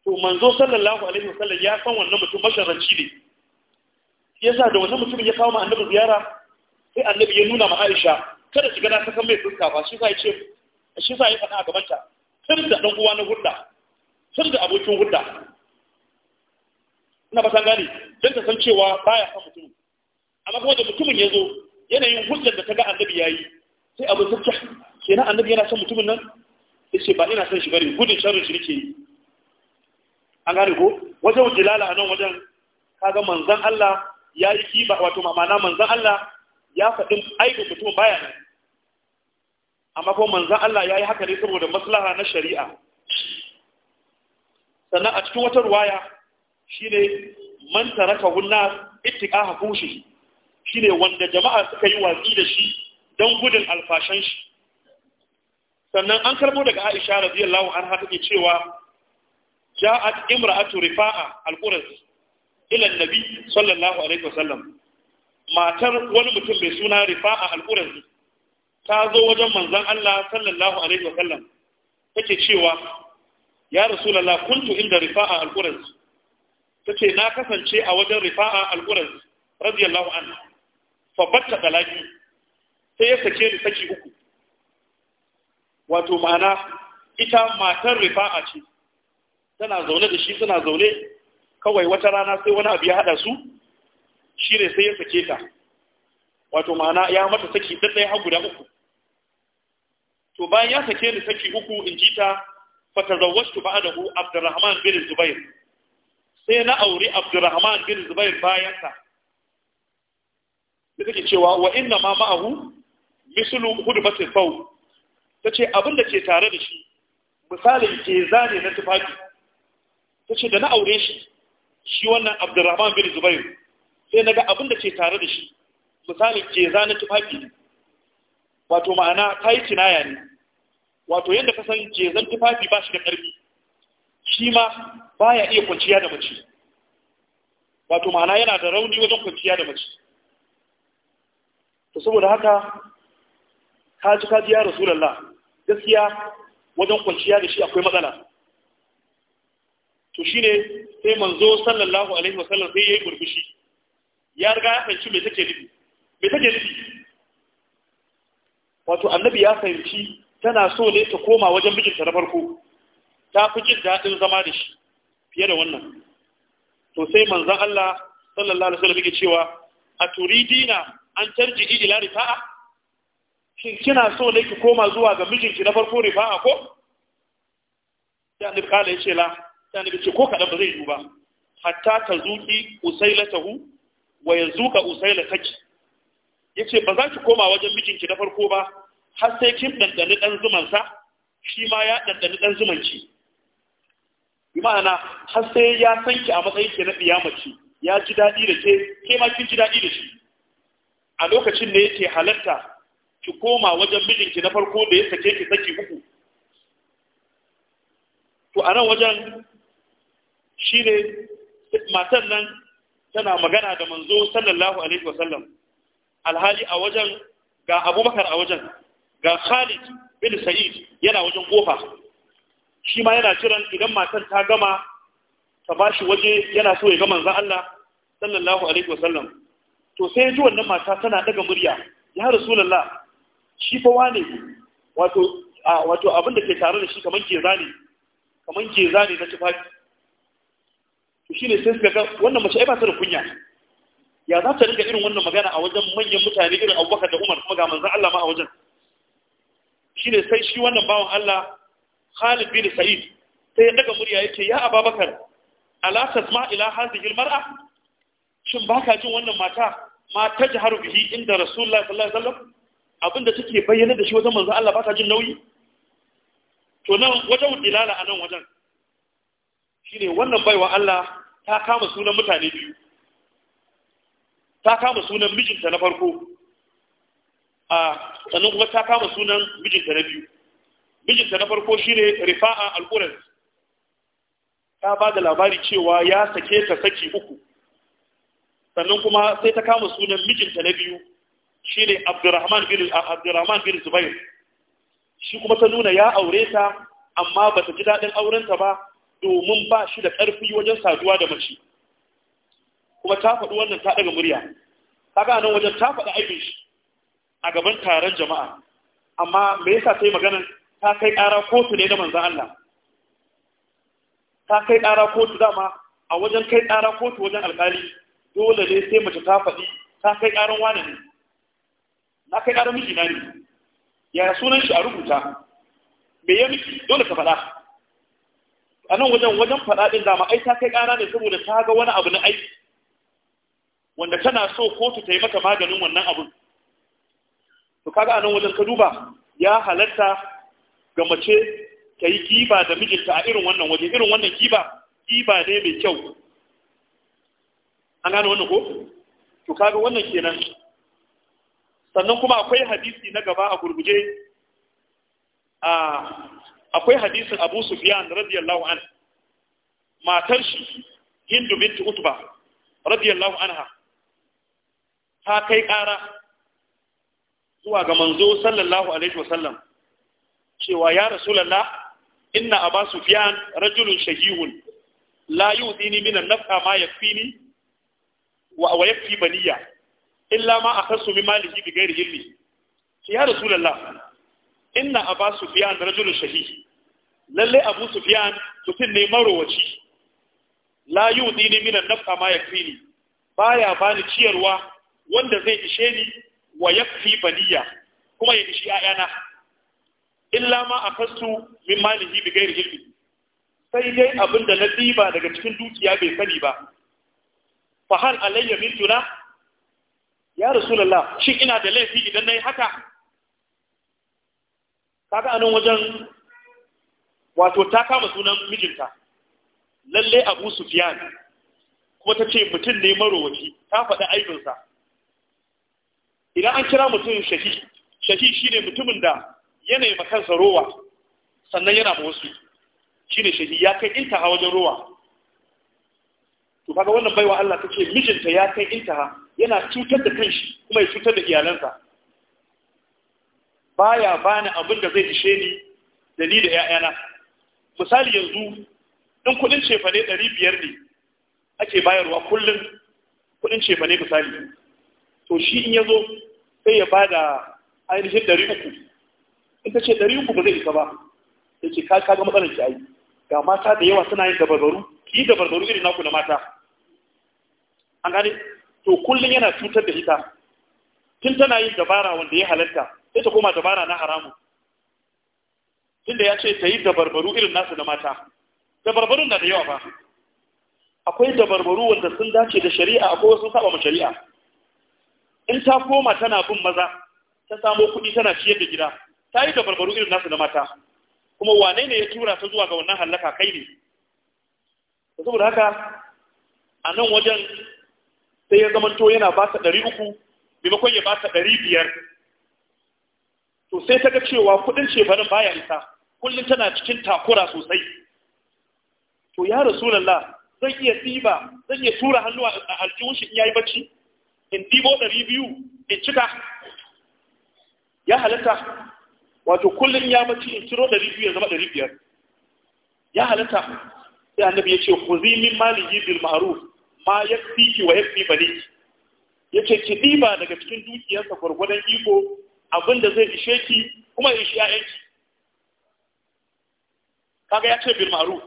to manzo sallallahu alaihi wasallam ya san wannan mutum masharranci ne yasa da wannan mutumin ya kawo ma annabi ziyara sai annabi ya nuna ma Aisha kada shiga na sakan mai fuska ba shi sai ce shi sai ya faɗa a gabanta. tun da dan uwa na hudda tun da abokin hudda ina ba san gane dan ta san cewa baya san mutum amma kuma da mutumin ya zo yanayin hujjar da ta ga annabi ya yi, sai abin sarki kenan annabi yana son mutumin nan yace ba ina son shi bari gudun sharrin shi nake an gane ko wajen jilala a nan wajen kaga manzon Allah ya yi kiba wato ma'ana manzon Allah ya faɗin aikin mutum baya nan amma ko manzon Allah ya yi haka ne saboda maslaha na shari'a sannan a cikin wata ruwaya shine man taraka hunna ittiqa hakushi shi ne wanda jama'a suka yi watsi da shi don gudun alfashan shi sannan an karbo daga aisha radiyallahu anha take cewa ja'at imra'atu rifa'a al-qurazi ila nabi sallallahu alaihi wasallam matar wani mutum mai suna rifa'a al-qurazi ta zo wajen manzon Allah sallallahu alaihi wasallam take cewa ya rasulullah kuntu inda rifa'a al-qurazi tace na kasance a wajen rifa'a al-qurazi radiyallahu anhu fabbata talaki sai ya sake ni saki uku wato ma'ana ita matar rifa'a ce tana zaune da shi suna zaune kawai wata rana sai wani abu ya hada su shi ne sai ya sake ta wato ma'ana ya mata saki ɗaɗɗaya har guda uku to bayan ya sake ni saki uku in ji ta fatazawwashtu ba'dahu Abdurrahman bin Zubair sai na auri Abdurrahman bin Zubair bayan sa da take cewa wa inna ma ma'ahu mislu hudbatil faw tace abin da ke tare da shi misali ke zane na tufafi tace da na aure shi shi wannan Abdurrahman bin Zubair sai naga abin da ke tare da shi misali ke zane tufafi wato ma'ana kai kinaya ne wato yadda ka san jezan tufafi ba shi da karfi shi ma baya iya kwanciya da mace wato ma'ana yana da rauni wajen kwanciya da mace to saboda haka ka ka ji ya rasulullah gaskiya wajen kwanciya da shi akwai matsala to shine sai manzo sallallahu alaihi wasallam sai yayi burbushi ya riga ya fahimci me take nufi me take nufi wato annabi ya fahimci tana so ne ta koma wajen mijinta na farko ta fi jin daɗin zama da shi fiye da wannan to sai manzon Allah sallallahu alaihi wasallam yake cewa a turidina an tarji'i ila rifa'a shin kina so ne ki koma zuwa ga mijinki na farko rifa'a ko ya ni kala yace la ya ni ce ko kaɗan ba zai yi ba hatta tazuki usailatahu wa yazuka usailataki yace ba za ki koma wajen mijinki na farko ba har sai kin dandane dan zuman sa shi ma ya dandane dan zuman ki ma'ana har sai ya sanki a matsayin ki na mace, ya ji daɗi da ke ke ma kin ji dadi da shi a lokacin da yake halatta ki koma wajen mijinki na farko da ya sake ki saki uku to a nan wajen shi ne matan nan tana magana da manzo sallallahu alaihi wasallam alhali a wajen ga abubakar a wajen ga khalid bin sa'id yana wajen kofa shi ma yana kiran idan matan ta gama ta bashi waje yana so ya ga manzo Allah sallallahu alaihi wasallam to sai ji wannan mata tana daga murya ya rasulullah shi fa wane wato wato abin da ke tare da shi kaman geza ne kaman geza ne na tufafi to shine sai suka ga wannan mace ai ba ta da kunya ya za ta riga irin wannan magana a wajen manyan mutane irin Abubakar da Umar kuma ga manzon Allah ma a wajen shine sai shi wannan bawan Allah Khalid bin Sa'id sai ya daga murya yake ya Ababakar ala tasma ila hadhihi almar'a shin ba ka jin wannan mata mata ta ji bihi inda rasulullah sallallahu alaihi wasallam abinda take bayyana da shi wajen manzo Allah ba ka jin nauyi to nan wajen dilala a nan wajen shine wannan baiwa Allah ta kama sunan mutane biyu ta kama sunan mijinta na farko a sannan kuma ta kama sunan mijinta na biyu mijinta na farko shine rifa'a al-qurans ta ba da labari cewa ya sake ta saki uku sannan kuma sai ta kama sunan mijinta na biyu shine Abdurrahman bin Abdurrahman bin Zubair shi kuma ta nuna ya aure ta amma ba ta ji daɗin aurenta ba domin ba shi da ƙarfi wajen saduwa da mace kuma ta faɗi wannan ta daga murya kaga nan wajen ta faɗi aibin shi a gaban taron jama'a amma me yasa sai magana ta kai ƙara kotu ne da manzon Allah ta kai ƙara kotu dama a wajen kai ƙara kotu wajen alƙali dole ne sai mace ta faɗi ta kai ƙaran wani ne na kai ƙaran miji na ne ya sunan shi a rubuta me ya miki dole ka faɗa a nan wajen wajen faɗa ɗin dama ai ta kai ƙara ne saboda ta ga wani abu na aiki wanda tana so kotu ta yi mata maganin wannan abun to kaga a nan wajen ka duba ya halatta ga mace ta yi giba da mijinta a irin wannan waje irin wannan giba giba ne mai kyau an gano wannan ko to kaga wannan kenan sannan kuma akwai hadisi na gaba a gurguje a akwai hadisin Abu Sufyan radiyallahu anhu matar shi Hindu bint Utba radiyallahu anha ta kai ƙara zuwa ga manzo sallallahu alaihi wasallam cewa ya rasulullah inna Abu Sufyan rajulun shahihun la yudini min an-nafqa ma yakfini wa yakfi baniya illa ma akasu min maliki bi ghairi ilmi ya rasulullah inna aba sufyan rajulun shahih lalle abu sufyan mutum ne marowaci la yudi ni minan nafqa ma yakfini baya bani ciyarwa wanda zai ishe ni wa yakfi baniya kuma ya ishi ayana illa ma akastu min maliki bi ghairi ilmi sai dai abinda na diba daga cikin dukiya bai sani ba fahal hal alayya mintuna juna ya rasulullah shin ina da laifi idan nayi haka kaga anan wajen wato ta kama sunan mijinta lalle Abu Sufyan kuma tace ce mutum ne marowaci ta faɗi aibinsa idan an kira mutum shaki shaki shine mutumin da yanayi makansa rowa sannan yana ba wasu shine shaki ya kai inta a wajen rowa to kaga wannan baiwa Allah ta ce mijinta ya kai intaha yana cutar da kanshi kuma ya cutar da iyalansa baya bani abin da zai ishe ni da ni da ƴaƴana misali yanzu in kudin cefane ɗari biyar ne ake bayarwa kullum kudin cefane misali to shi in yazo sai ya bada ainihin ɗari in ta ce ɗari ba zai isa ba ya ka ka ga matsalar ki ai ga mata da yawa suna yin dabarbaru ki dabarbaru irin naku na mata an gane to kullum yana cutar da ita tun tana yin dabara wanda ya halatta sai ta koma dabara na haramu da ya ce ta yi dabarbaru irin nasu na mata dabarbarun na da yawa ba akwai dabarbaru wanda sun dace da shari'a akwai wasu saba ma shari'a in ta koma tana bin maza ta samo kuɗi tana ciyar da gida ta yi dabarbaru irin nasu na mata kuma wane ne ya tura ta zuwa ga wannan halaka kai ne saboda haka a nan wajen sai ya zamanto yana ba ta ɗari uku maimakon ya ba ta ɗari biyar to sai ta ga cewa kuɗin shekarun baya isa kullum tana cikin takura sosai to ya rasu lalla zan iya tsiba zan iya tura hannu a aljihun shi in yayi bacci in ɗibo ɗari biyu in cika ya halatta wato kullum ya mace in ciro ɗari biyu ya zama ɗari biyar ya halatta sai annabi ya ce ku min yi bil ma'ruf ma ki wa yakfi Ya ce ki diba daga cikin dukiyarsa gwargwadon iko abin zai ishe ki kuma ya ishe ƴaƴanki kaga ya ce bil ma'ruf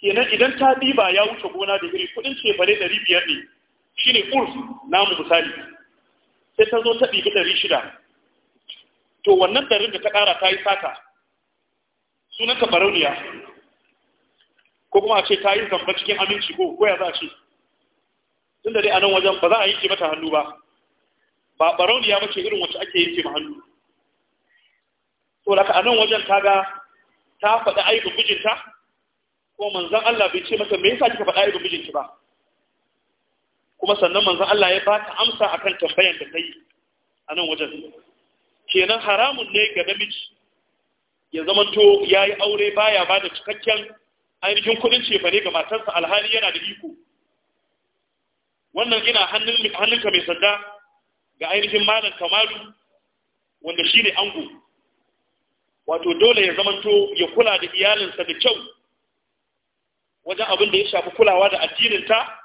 kenan idan ta diba ya wuce gona da iri kudin ce ɗari biyar ne shine urf namu misali sai ta zo ta ɗibi ɗari shida. to wannan ɗarin da ta ƙara ta yi sata sunanta barauniya ko kuma a ce ta yi zamba cikin aminci ko koya za a ce tun da dai a nan wajen ba za a yanke mata hannu ba ba barauniya ba ce irin wacce ake yanke ma hannu to da a nan wajen ta ga ta faɗi aibin mijinta ko manzan Allah bai ce mata me yasa kika faɗi aibin mijinki ba kuma sannan manzan Allah ya ba ta amsa akan tambayar da ta yi a nan wajen kenan haramun ne ga namiji ya zamanto ya yi aure baya ba da cikakken ainihin kudin cefa ne ga matarsa alhali yana da iko wannan ina hannunka mai sanda ga ainihin malam kamalu wanda shi ne ango wato dole ya zamanto ya kula da iyalinsa da kyau wajen abin da ya shafi kulawa da addininta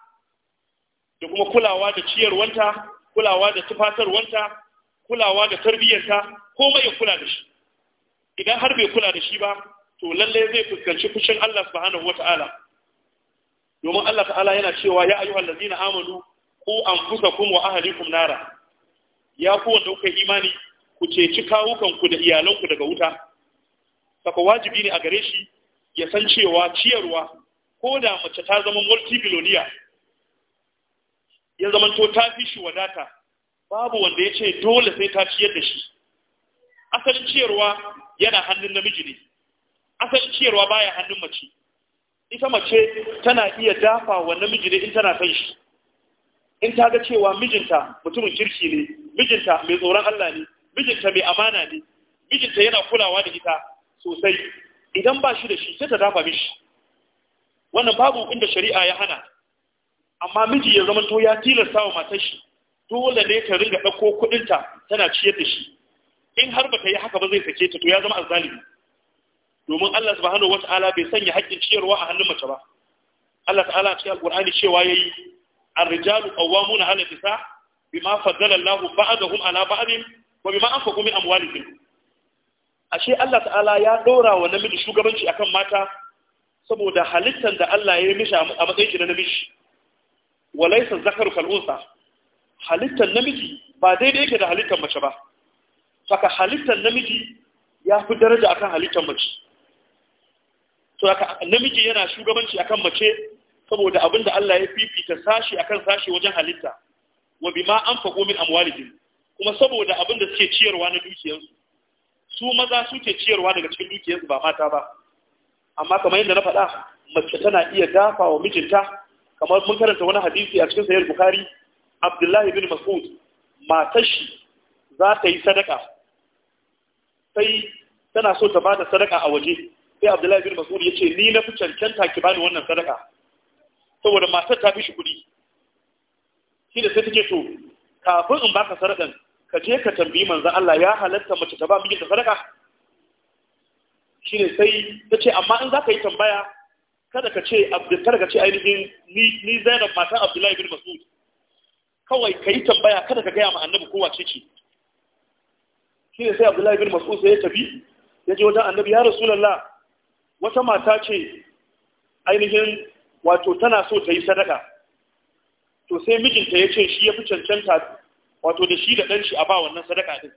da kuma kulawa da ciyarwanta kulawa da tufatarwanta kulawa da tarbiyyarta komai ya kula da shi idan har bai kula da shi ba to lallai zai fuskanci fushin Allah subhanahu wata'ala domin Allah ta'ala yana cewa ya ayyuhal ladina amanu ku anfusakum wa ahlikum nara ya ku wanda kuka imani ku ceci kawukanku da iyalanku daga wuta saka wajibi ne a gare shi ya san cewa ciyarwa ko da mace ta zama multi billionaire ya zamanto ta fi shi wadata babu wanda ya ce dole sai ta ciyar da shi asalin ciyarwa yana hannun namiji ne asalin ciyarwa baya hannun mace ita mace tana iya dafa wa namiji ne in tana san shi in ta ga cewa mijinta mutumin kirki ne mijinta mai tsoron Allah ne mijinta mai amana ne mijinta yana kulawa da ita sosai idan ba shi da shi sai ta dafa mishi wannan babu inda shari'a ya hana amma miji ya zama to ya tilasta wa matar shi dole ne ta ringa ɗauko kuɗinta tana ciyar da shi in har ba ta yi haka ba zai sake ta to ya zama azzalimi domin Allah subhanahu wata'ala bai sanya haƙƙin ciyarwa a hannun mace ba Allah ta'ala a cikin alƙur'ani cewa yayi ar-rijalu qawwamuna 'ala nisa bima faddala Allahu ba'dahum 'ala ba'din wa bima anfaqu min amwalihim ashe Allah ta'ala ya dora wa namiji shugabanci akan mata saboda halittar da Allah ya yi mishi a matsayin na namiji walaysa zakaru kal unsa halittar namiji ba daidai yake da halittar mace ba saka halittar namiji ya fi daraja akan halittar mace to haka namiji yana shugabanci akan mace saboda abin Allah ya fifita sashi akan sashi wajen halitta wa bima anfaqu min amwalihim kuma saboda abinda suke ciyarwa na dukiyarsu su maza suke ciyarwa daga cikin dukiyarsu ba mata ba amma kamar yadda na faɗa mace tana iya dafa wa mijinta kamar mun karanta wani hadisi a cikin sayar kukari. abdullahi bin mas'ud matar shi za ta yi sadaka sai tana so ta ba da sadaka a waje sai abdullahi bin mas'ud ya ce ni na fi cancanta ki bani wannan sadaka saboda matar ta fi shi kuɗi shi da sai take so, kafin in baka sadakan ka je ka tambayi manzo Allah ya halatta mace ta ba ta sadaka shine sai ta ce amma in zaka yi tambaya kada ka ce kada ka ce ainihin ni ni Zainab matan Abdullahi bin Mas'ud kawai ka yi tambaya kada ka gaya ma annabi kowa ce ce shi ne sai abdullahi bin masu sai ya tafi ya je wajen annabi ya rasulallah wata mata ce ainihin wato tana so ta yi sadaka to sai mijinta ya ce shi ya fi cancanta wato da shi da ɗan shi a ba wannan sadaka din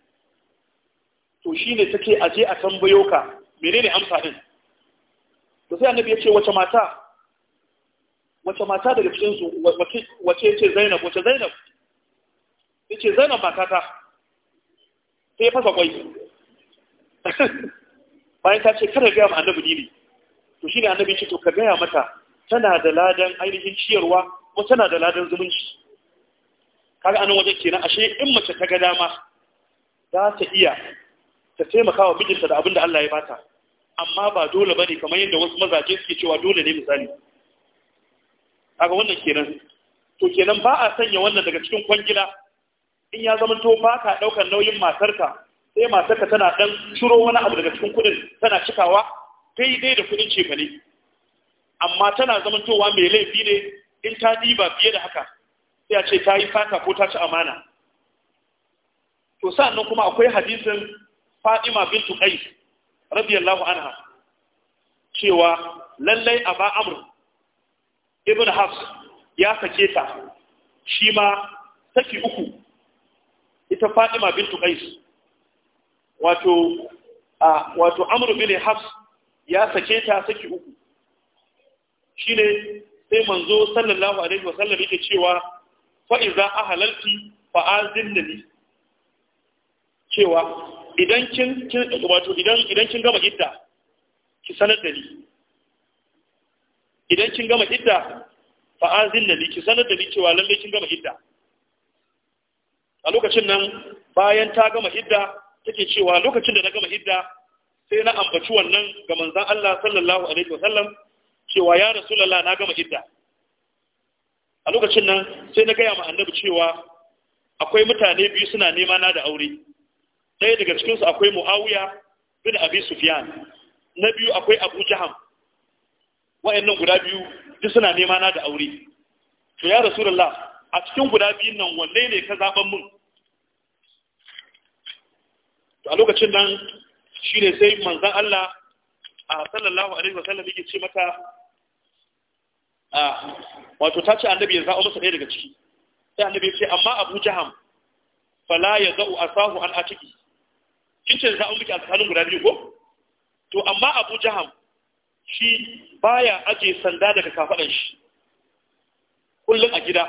to shi ne take aje a tambayo ka menene amsa din to sai annabi ya ce wace mata wace mata da cikin su wace ce Zainab wace Zainab ce Zainab matata sai ya fasa kwai bayan ta ce kada gaya ma annabi dini to ne annabi ce to ka gaya mata tana da ladan ainihin ciyarwa ko tana da ladan zumunci kaga anan waje kenan ashe in mace ta ga dama za ta iya ta taimaka wa mijinta da abin da Allah ya bata amma ba dole bane kamar yadda wasu mazaje suke cewa dole ne misali kaga wannan kenan to kenan ba a sanya wannan daga cikin kwangila in ya zama to ba ka ɗaukar nauyin matarka sai matarka tana ɗan shiro wani abu daga cikin kuɗin tana cikawa dai da kuɗin cefane amma tana zamantowa mai laifi ne in ta ɗiba fiye da haka sai a ce ta yi fata ko ta ci amana to sa'annan kuma akwai hadisin Fatima bintu Qais radiyallahu anha cewa lallai Aba Amru. ibn hafs ya sake ta shi ma saki uku ita fatima bintu qais wato a wato amr bin hafs ya sake ta saki uku shine sai manzo sallallahu alaihi wasallam yake cewa fa iza ahlalti fa azinni cewa idan kin wato idan idan kin gama gidda ki sanar da ni idan kin gama idda fa azin da ki sanar da ni cewa lalle kin gama idda a lokacin nan bayan ta gama idda take cewa lokacin da na gama idda sai na ambaci wannan ga manzon Allah sallallahu alaihi wasallam cewa ya rasulullah na gama idda a lokacin nan sai na gaya ma annabi cewa akwai mutane biyu suna nema na da aure ɗaya daga cikinsu akwai muawiya bin abi sufyan na biyu akwai abu jaham Wa'annan guda biyu duk suna nema na da aure to ya rasulullah a cikin guda biyun nan wanne ne ka zaben mun to a lokacin nan shine sai manzon Allah a sallallahu alaihi wasallam yake ce mata a wato ta ce annabi ya zaɓa masa ɗaya daga ciki sai annabi ya ce amma abu jaham fala ya za'u asahu an atiki kin ce zaɓa miki alƙalin guda biyu ko to amma abu jaham shi baya aje sanda daga kafaɗan shi kullum a gida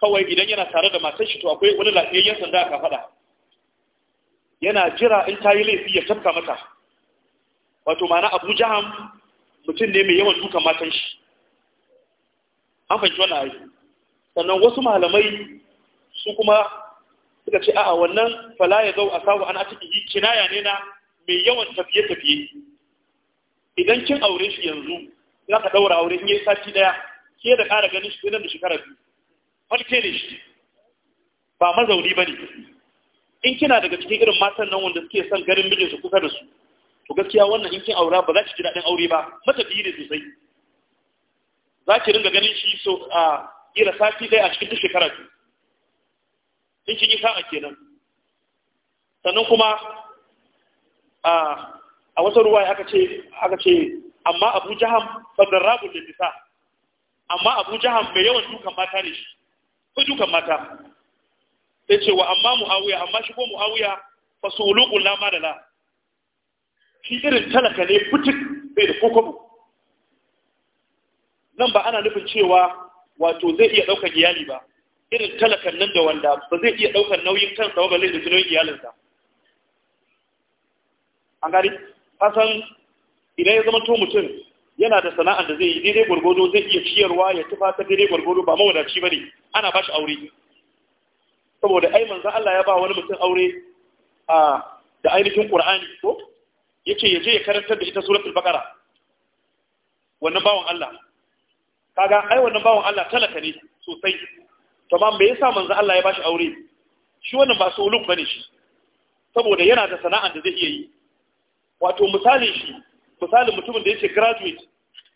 kawai idan yana tare da matar shi to akwai wani lafiyayyen sanda a kafaɗa yana jira in ta yi laifi ya tafka mata wato mana abu jaham mutum ne mai yawan dukan matan shi an fahimci wannan ayi sannan wasu malamai su kuma suka ce a'a wannan fala ya zau a sawu an a ciki kinaya ne na mai yawan tafiye-tafiye idan kin aure shi yanzu za ka daura aure in yi sati daya ke da ƙara ganin shi nan da shekara biyu farke ne shi ba mazauni ba ne in kina daga cikin irin matan nan wanda suke son garin mijin su kusa da su to gaskiya wannan in kin aura ba za ki ji daɗin aure ba biyu ne sosai za ki ringa ganin shi so a kila sati daya a cikin duk shekara biyu in kin yi sa'a kenan sannan kuma a a wata ruwa ya ce aka ce amma Abu Jaham da lisa amma Abu Jaham mai yawan dukan mata ne shi ko dukan mata sai ce wa amma Muawiya amma shi ko Muawiya da la shi irin talaka ne fitik bai da kokobo nan ba ana nufin cewa wato zai iya ɗaukar iyali ba irin talakan nan da wanda ba zai iya ɗaukar nauyin kansa ba balle da nauyin iyalinsa an gani kasan idan ya zama to mutum yana da sana'ar da zai yi daidai gwargwado zai iya ciyarwa ya tufa ta daidai gwargwado ba mawadaci ba ne ana ba shi aure saboda ai manzan Allah ya ba wani mutum aure a da ainihin Qur'ani ko yace yaje ya karantar da ita suratul baqara wannan bawan Allah kaga ai wannan bawan Allah talaka ne sosai to ba me yasa manzan Allah ya ba shi aure shi wannan ba suluk bane shi saboda yana da sana'ar da zai iya yi wato misali shi misali mutumin da yake graduate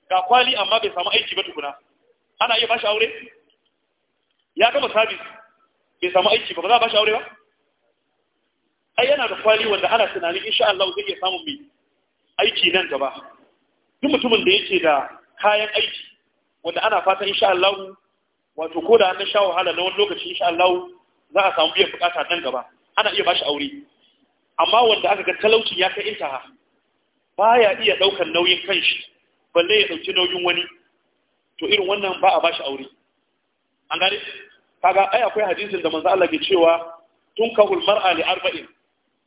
ga kwali amma bai samu aiki ba tukuna ana iya bashi aure ya gama sabis bai samu aiki ba ba za a bashi aure ba ai yana da kwali wanda ana tunanin insha Allah zai iya samun mai aiki nan gaba duk mutumin da yake da kayan aiki wanda ana fata insha Allah wato ko da an sha wahala na wani lokaci insha Allah za a samu biyan bukata nan gaba ana iya bashi aure amma wanda aka ga talaucin ya kai ba baya iya ɗaukar nauyin kanshi balle ya ɗauki nauyin wani to irin wannan ba a bashi aure an gane kaga ai akwai hadisin da manzo Allah ke cewa tun kahul mar'a li arba'in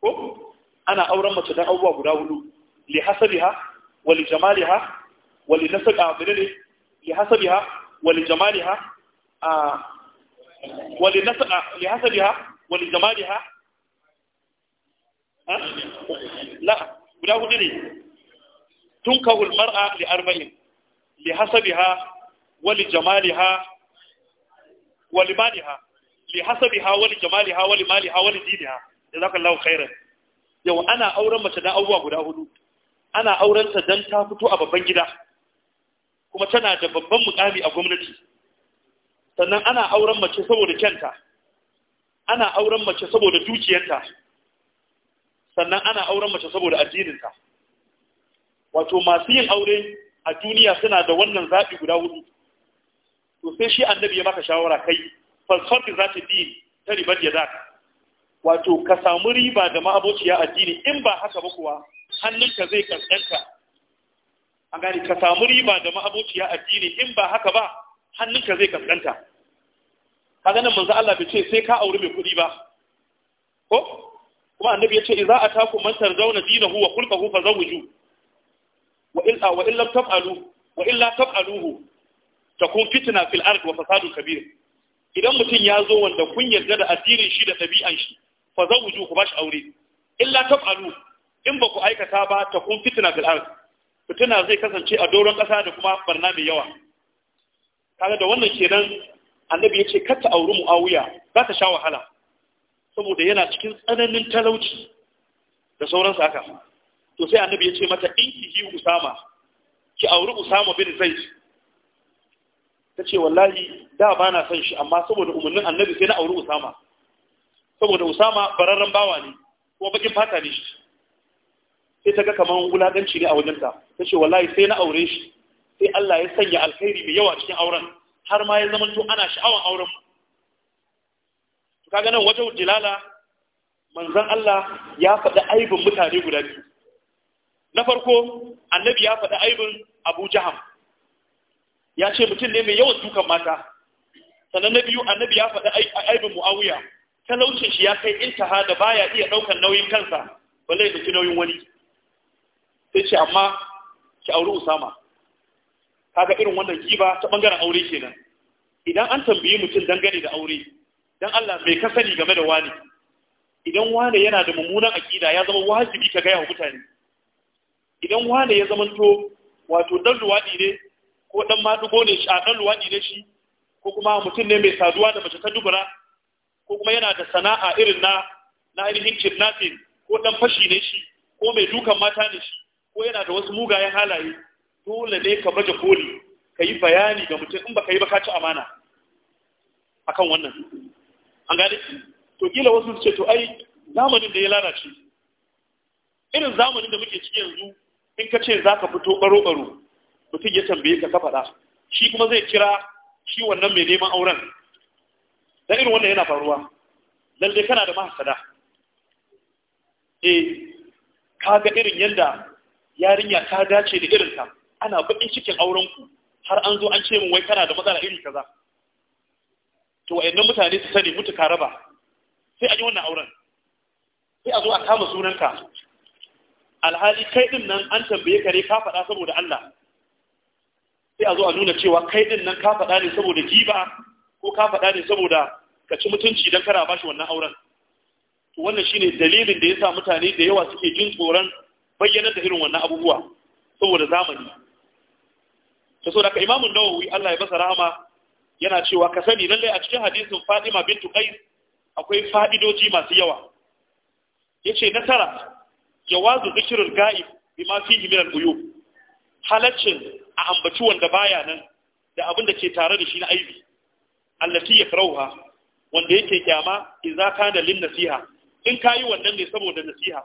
ko ana auren mace dan abuwa guda hudu li hasabiha wa li jamaliha wa li nasabiha li hasabiha wa li jamaliha a wa li nasaba li hasabiha wa li jamaliha لا guda وغيري ne tun kawul لحسبها ولجمالها arba'in لحسبها ولجمالها ولمالها ولدينها jamaliha الله خيرا يو أنا أورا ما jamaliha wa li أنا أورا li فتو أبا بنجدا yau ana auren mace ta fito a babban gida kuma tana da babban mukami a gwamnati sannan ana auren mace saboda kyanta ana auren mace saboda dukiyarta sannan ana auren mace saboda addininta wato masu yin aure a duniya suna da wannan zaɓi guda hudu to sai shi annabi ya maka shawara kai falsafi za ta din ta ribar ya za wato ka samu riba da ma'abociya addini in ba haka ba kuwa hannunka zai kaskanta an gani ka samu riba da ma'abociya addini in ba haka ba hannunka zai kaskanta kaga nan manzo Allah bai ce sai ka aure mai kuɗi ba ko kuma annabi ya ce idza atakum man tarzawna dinahu wa khulquhu wa illa wa illa taf'alu wa illa taf'aluhu takun fitna fil ard wa fasadu kabir idan mutum ya zo wanda kun yarda da addinin shi da ɗabi'an shi fa za ku bashi aure illa taf'alu in ba ku aikata ba ta kun fitina fil ard fitina zai kasance a doron kasa da kuma barna mai yawa kaga da wannan kenan annabi ya ce kar ta auri muawiya za ta sha wahala saboda yana cikin tsananin talauci da sauransu haka to sai annabi ya ce mata in ki yi usama ki auri usama bin zaid ta ce wallahi da ba na son shi amma saboda umarnin annabi sai na auri usama saboda usama bararren bawa ne ko bakin fata ne shi sai ta ga kamar wulaganci ne a wajenta ta ce wallahi sai na aure shi sai Allah ya sanya alkhairi mai yawa cikin auren har ma ya zama to ana sha'awan auren kaga nan wajen dilala manzan Allah ya faɗi aibin mutane guda biyu na farko annabi ya faɗi aibin Abu Jaham ya ce mutum ne mai yawan dukan mata sannan na biyu annabi ya faɗi aibin Muawiya talaucin shi ya kai intaha da baya iya ɗaukar nauyin kansa ba ya ɗauki nauyin wani sai ce amma ki auri Usama kaga irin wannan giba ta ɓangaren aure kenan idan an tambayi mutum dangane da aure dan Allah bai ka game da wani idan wani yana da mummunan akida ya zama wajibi ka gaya wa mutane idan wani ya zama to wato dan luwadi ne ko dan madugo ne shi a dan luwadi ne shi ko kuma mutum ne mai saduwa da mace ta dubura ko kuma yana da sana'a irin na na ainihin kidnapping ko dan fashi ne shi ko mai dukan mata ne shi ko yana da wasu mugayen halaye dole ne ka baje koli ka yi bayani ga mutum in ba ka yi ba ka ci amana akan wannan an gane to kila wasu ce to ai zamanin da ya lalace irin zamanin da muke ciki yanzu in ka ce za ka fito baro-baro mutum ya tambaye ka ka faɗa shi kuma zai kira shi wannan mai neman auren da irin wannan yana faruwa lalle kana da mahasada eh ka ga irin yadda yarinya ta dace da irinka ana baƙin cikin aurenku har an zo an ce min wai kana da matsala irin kaza to wayannan mutane su sani mutu ka raba sai an yi wannan auren sai a zo a kama sunanka alhali kai din nan an tambaye ka ne ka faɗa saboda Allah sai a zo a nuna cewa kai din nan ka faɗa ne saboda giba ko ka faɗa ne saboda ka ci mutunci don kana shi wannan auren to wannan shine dalilin da ya sa mutane da yawa suke jin tsoron bayyanar da irin wannan abubuwa saboda zamani ta so ka imamun nawawi Allah ya basa rahama yana cewa ka sani lalle a cikin hadisin Fatima bintu Qais akwai fa'idoji masu yawa yace nasara jawazu zikrul ga'ib bima fihi min al-uyub halaccin a ambaci wanda baya nan da abin da ke tare da shi na aibi allati yakrauha wanda yake kyama idza kana lin nasiha in kayi wannan ne saboda nasiha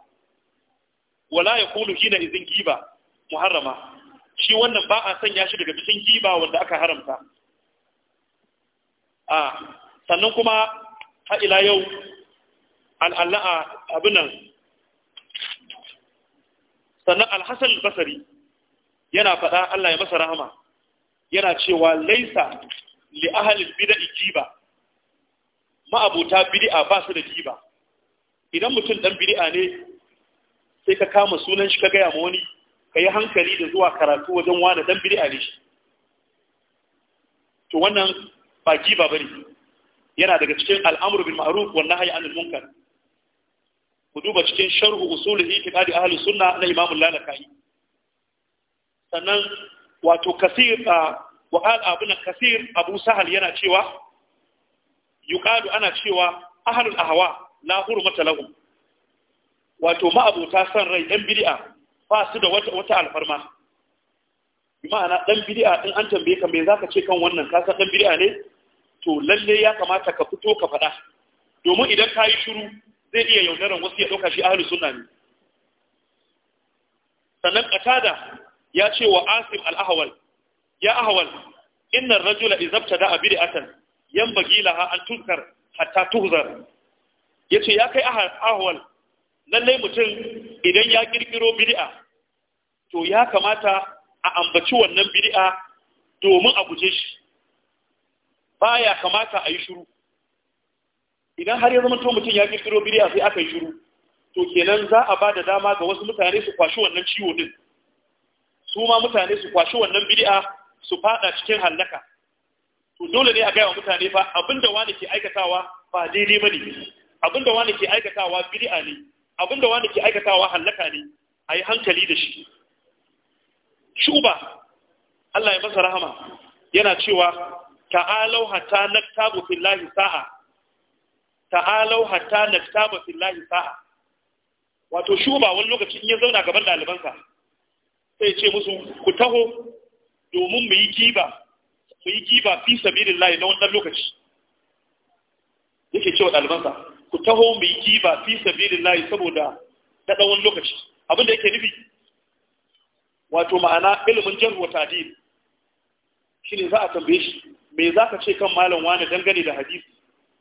wala yaqulu hina izin giba muharrama shi wannan ba a sanya shi daga cikin giba wanda aka haramta a sannan kuma Ha'ila yau al'alla'a abin nan sannan alhassan basari yana faɗa Allah ya masa rahama yana cewa laisa li ahalil bida'i jiba ma'abuta bid'a ba su da jiba idan mutum ɗan bid'a ne sai ka kama sunan shi ka gaya ma wani ka yi hankali da zuwa karatu wajen wani ɗan bid'a ne shi to wannan ba giba bane yana daga cikin al'amru bil ma'ruf wan nahyi anil munkar ku duba cikin sharhu usulihi itiqadi ahli sunna na imam al-lalakai sannan wato kasir wa qala abuna kasir abu sahal yana cewa yuqalu ana cewa ahlul ahwa la hurmata lahum wato ma'abuta san rai ɗan bid'a ba su da wata alfarma ma'ana ɗan bid'a ɗin an tambaye ka me zaka ce kan wannan ka san ɗan bid'a ne to lalle ya kamata ka fito ka faɗa domin idan ka yi shiru zai iya yaudaran wasu ya ɗauka shi ahli sunna ne sannan qatada ya ce wa asim al-ahwal ya ahwal inna Izabta da idza ibtada bid'atan yanbaghi laha an tunkar hatta tuhzar yace ya kai ahwal lalle mutum idan ya ƙirƙiro bid'a to ya kamata a ambaci wannan bid'a domin a guje shi Ba ya kamata a yi shiru idan har ya zama to mutum ya kirkiro biri'a sai aka yi shiru to kenan za a ba da dama ga wasu mutane su kwashi wannan ciwo din su ma mutane su kwashi wannan biri'a su fada cikin hallaka to dole ne a gaya wa mutane fa abinda wani ke aikatawa ba daidai bane abinda wani ke aikatawa bid'a ne abinda wani ke aikatawa hallaka ne a yi hankali da shi shuba Allah ya masa rahama yana cewa ta'alau hatta naktabu fillahi sa'a ta'alau hatta naktabu fillahi sa'a wato shuba wani lokaci in ya zauna gaban ɗalibansa sai ce musu ku taho domin mu yi giba mu yi giba fi sabilillahi na wannan lokaci yake cewa ɗalibansa ku taho mu yi giba fi sabilillahi saboda da dawon lokaci abinda yake nufi wato ma'ana ilimin jarwa tadil shine za a tambaye shi me za ka ce kan malam wani dangane da hadisi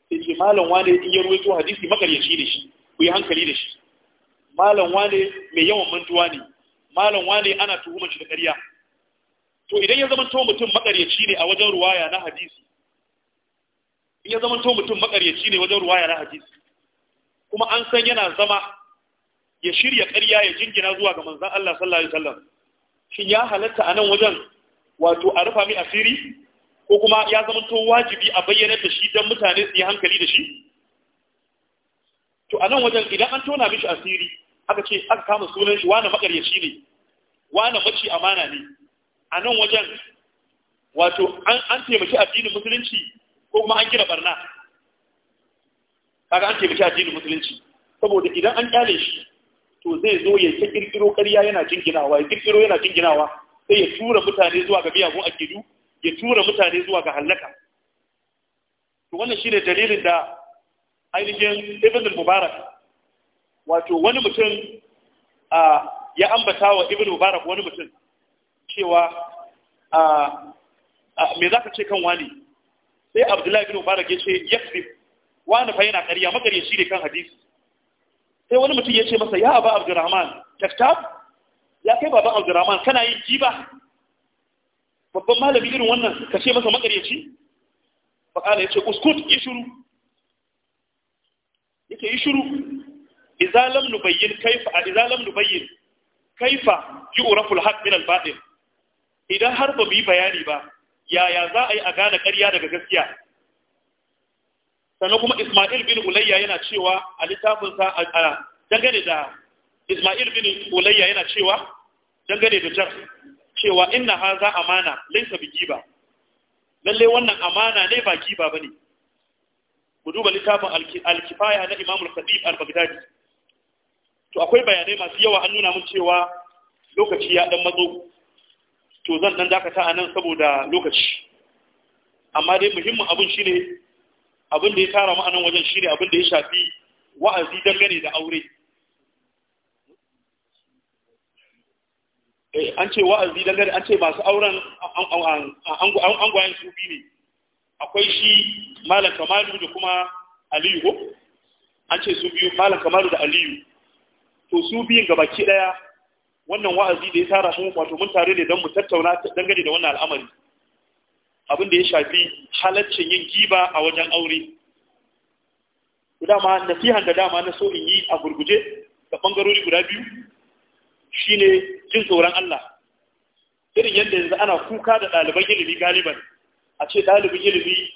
sai ce malon wane in yi ruwaito hadisi makaryaci da shi ku yi hankali da shi malon wane mai yawan mantuwa ne malon wane ana tuhumar shi da ƙarya to idan ya zamanto mutum makaryaci ne a wajen ruwaya na hadisi in ya zamanto mutum makaryaci ne wajen ruwaya na hadisi kuma an san yana zama ya shirya ƙarya ya jingina zuwa ga manzon Allah sallallahu alaihi wasallam shin ya halatta a nan wajen wato a rufa mai asiri ko kuma ya zama to wajibi a bayyana da shi don mutane su yi hankali da shi to a nan wajen idan an tona mishi asiri aka ce aka kama sunan shi wani makaryaci ne wani maci amana ne a nan wajen wato an taimaki addinin musulunci ko kuma an gina barna kaga an taimaki addinin musulunci saboda idan an kyale shi to zai zo ya ta kirkiro ƙarya yana jinginawa ya kirkiro yana jinginawa sai ya tura mutane zuwa ga biyagun akidu ya tura mutane zuwa ga hallaka to wannan shine dalilin da ainihin ibn mubarak wato wani mutum ya ambata wa ibn mubarak wani mutum cewa me za ka ce kan wani sai abdullahi ibn mubarak ya ce fi wani fa yana ƙarya makaryaci ne kan hadisi sai wani mutum ya ce masa ya aba abdurrahman taktab ya kai baban abdurrahman kana yin jiba babban malami irin wannan ka ce masa makaryaci faƙala ya ce uskut yi shuru yake yi shuru izalam nubayyin kaifa a izalam nubayyin kaifa yi uraful haɗ min alfaɗin idan har ba mu yi bayani ba yaya za a yi a gane ƙarya daga gaskiya sannan kuma Ismail bin Ulayya yana cewa a littafinsa a dangane da Ismail bin Ulayya yana cewa dangane da jar cewa inna haza amana laysa bi lalle wannan amana ne ba kiba bane ku duba littafin al-kifaya na Imam al-Khatib al-Baghdadi to akwai bayanai masu yawa an nuna mun cewa lokaci ya dan matso to zan dan dakata anan saboda lokaci amma dai muhimmin abun shine abin da ya tara mu anan wajen shine abin da ya shafi wa'azi dangane da aure Eh, an ce wa'azi dangane an ce masu auren angwayen su biyu ne akwai shi malam kamalu da kuma aliyu ko an ce su biyu malam kamalu da aliyu to su biyun gabaki daya wannan wa'azi da ya tara sun wato mun tare ne don mu tattauna dangane da wannan al'amari abin da ya shafi halaccin yin giba a wajen aure dama nasihan da dama na so in yi a gurguje da bangarori guda biyu shi ne jin tsoron Allah irin yadda yanzu ana kuka da ɗaliban ilimi galiban a ce ɗalibin ilimi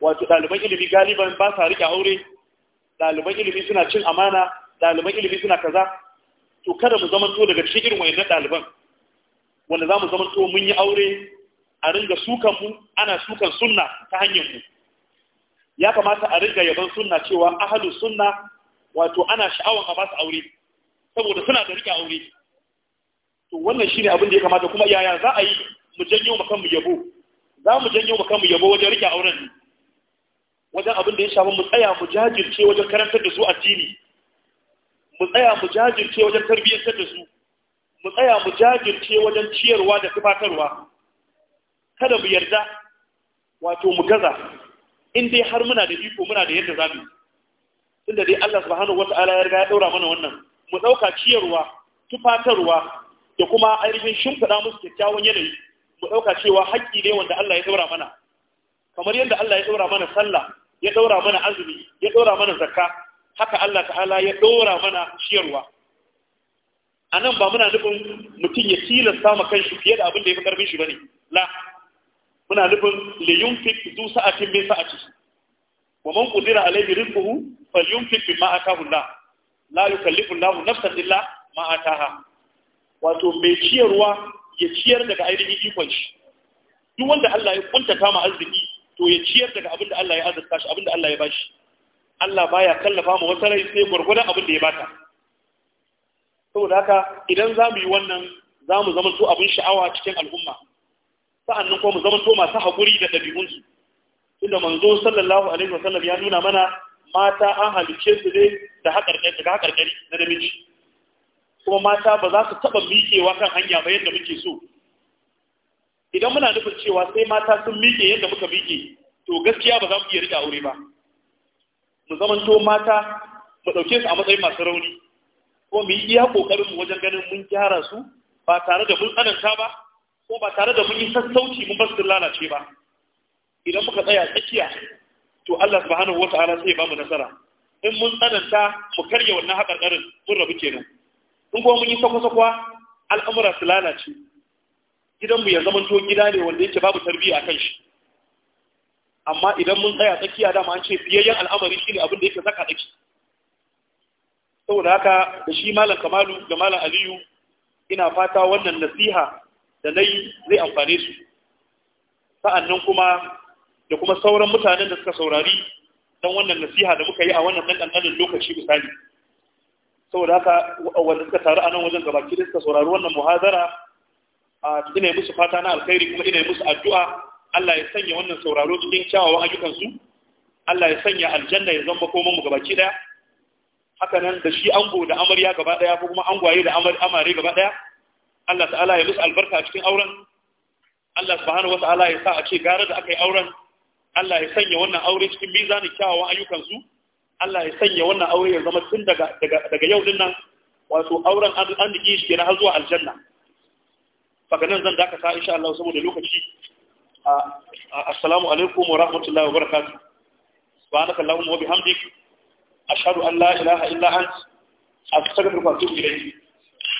wato ɗaliban ilimi galiban ba sa riƙe aure ɗaliban ilimi suna cin amana ɗaliban ilimi suna kaza to kada mu zama to daga cikin irin wayannan ɗaliban wanda za mu zama to mun yi aure a ringa sukan mu ana sukan sunna ta hanyar mu ya kamata a ringa yaban sunna cewa ahalu sunna wato ana sha'awan a basu aure saboda suna da riƙe aure to wannan shi ne abin da ya kamata kuma yaya za a yi mu janyo mu kanmu yabo za mu janyo mu kanmu yabo wajen rike auren wajen abin da ya shafi mu tsaya mu jajirce wajen karantar da su addini mu tsaya mu jajirce wajen tarbiyyantar da su mu tsaya mu jajirce wajen ciyarwa da tufatarwa kada mu yarda wato mu gaza in dai har muna da iko muna da yadda zamu tunda dai Allah subhanahu wata'ala ya riga ya daura mana wannan mu dauka ciyarwa tufatarwa da kuma ainihin shimfiɗa musu kyakkyawan yanayi mu ɗauka cewa haƙƙi ne wanda Allah ya ɗaura mana kamar yadda Allah ya ɗaura mana sallah ya ɗaura mana azumi ya ɗaura mana zakka haka Allah ta'ala ya ɗaura mana ciyarwa a nan ba muna nufin mutum ya tilasta ma kanshi fiye da abin da ya fi ƙarfin shi ba ne la muna nufin liyun fit zu sa'atin bin sa'ati wa man qudira alayhi rizquhu falyunfiq bima ataahu Allah la yukallifu Allahu nafsan illa ma ataaha wato mai ciyarwa ya ciyar daga ainihin ikon shi duk wanda Allah ya kuntata ma arziki to ya ciyar daga abin da Allah ya azurta shi abin da Allah ya bashi Allah baya kallafa mu wata rai sai gwargwadon abin da ya bata saboda haka idan za mu yi wannan za mu zama to abin sha'awa cikin al'umma sa'annan ko mu zama to masu haƙuri da ɗabi'unsu Tunda manzo sallallahu alaihi wasallam ya nuna mana mata an halicce su ne da haƙarƙari na namiji kuma mata ba za su taɓa miƙewa kan hanya ba yadda muke so idan muna nufin cewa sai mata sun miƙe yadda muka miƙe to gaskiya ba za mu iya riƙe aure ba mu zamanto mata mu ɗauke su a matsayin masu rauni ko mu yi iya ƙoƙarin mu wajen ganin mun gyara su ba tare da mun tsananta ba ko ba tare da mun yi sassauci mun basu lalace ba idan muka tsaya tsakiya to Allah subhanahu wa Ta'ala, sai ya ba mu nasara in mun tsananta mu karya wannan haƙarƙarin mun rabu kenan in kuma mun yi sakwa-sakwa al'amura su lalace gidanmu ya zama to gida ne wanda yake babu tarbiyya a kan shi amma idan mun tsaya tsakiya dama an ce biyayyen al'amari shine abin da yake saka tsaki saboda haka da shi malam kamalu da malam aliyu ina fata wannan nasiha da na yi zai amfane su sa'annan kuma da kuma sauran mutanen da suka saurari don wannan nasiha da muka yi a wannan ɗanɗanɗanin lokaci misali saboda haka wanda suka taru a nan wajen gabaki da suka saurari wannan muhazara a ina yi musu fata na alkhairi kuma ina yi musu addu'a Allah ya sanya wannan sauraro cikin kyawawan ayyukansu Allah ya sanya aljanna ya zama komon mu gabaki daya haka nan da shi ango da amarya gaba daya ko kuma angwaye da amare gaba daya Allah ta'ala ya musu albarka a cikin auren Allah subhanahu wata'ala ya sa a ce gara da aka yi auren Allah ya sanya wannan aure cikin mizanin kyawawan ayyukansu Allah ya sanya wannan aure ya zama tun daga daga yau din nan wato auren an dake shi kenan har zuwa aljanna faka nan zan dakata insha Allah saboda lokaci assalamu alaikum wa rahmatullahi wa barakatuh subhanaka allahumma wa bihamdik ashhadu an la ilaha illa ant astaghfiruka wa atubu ilayk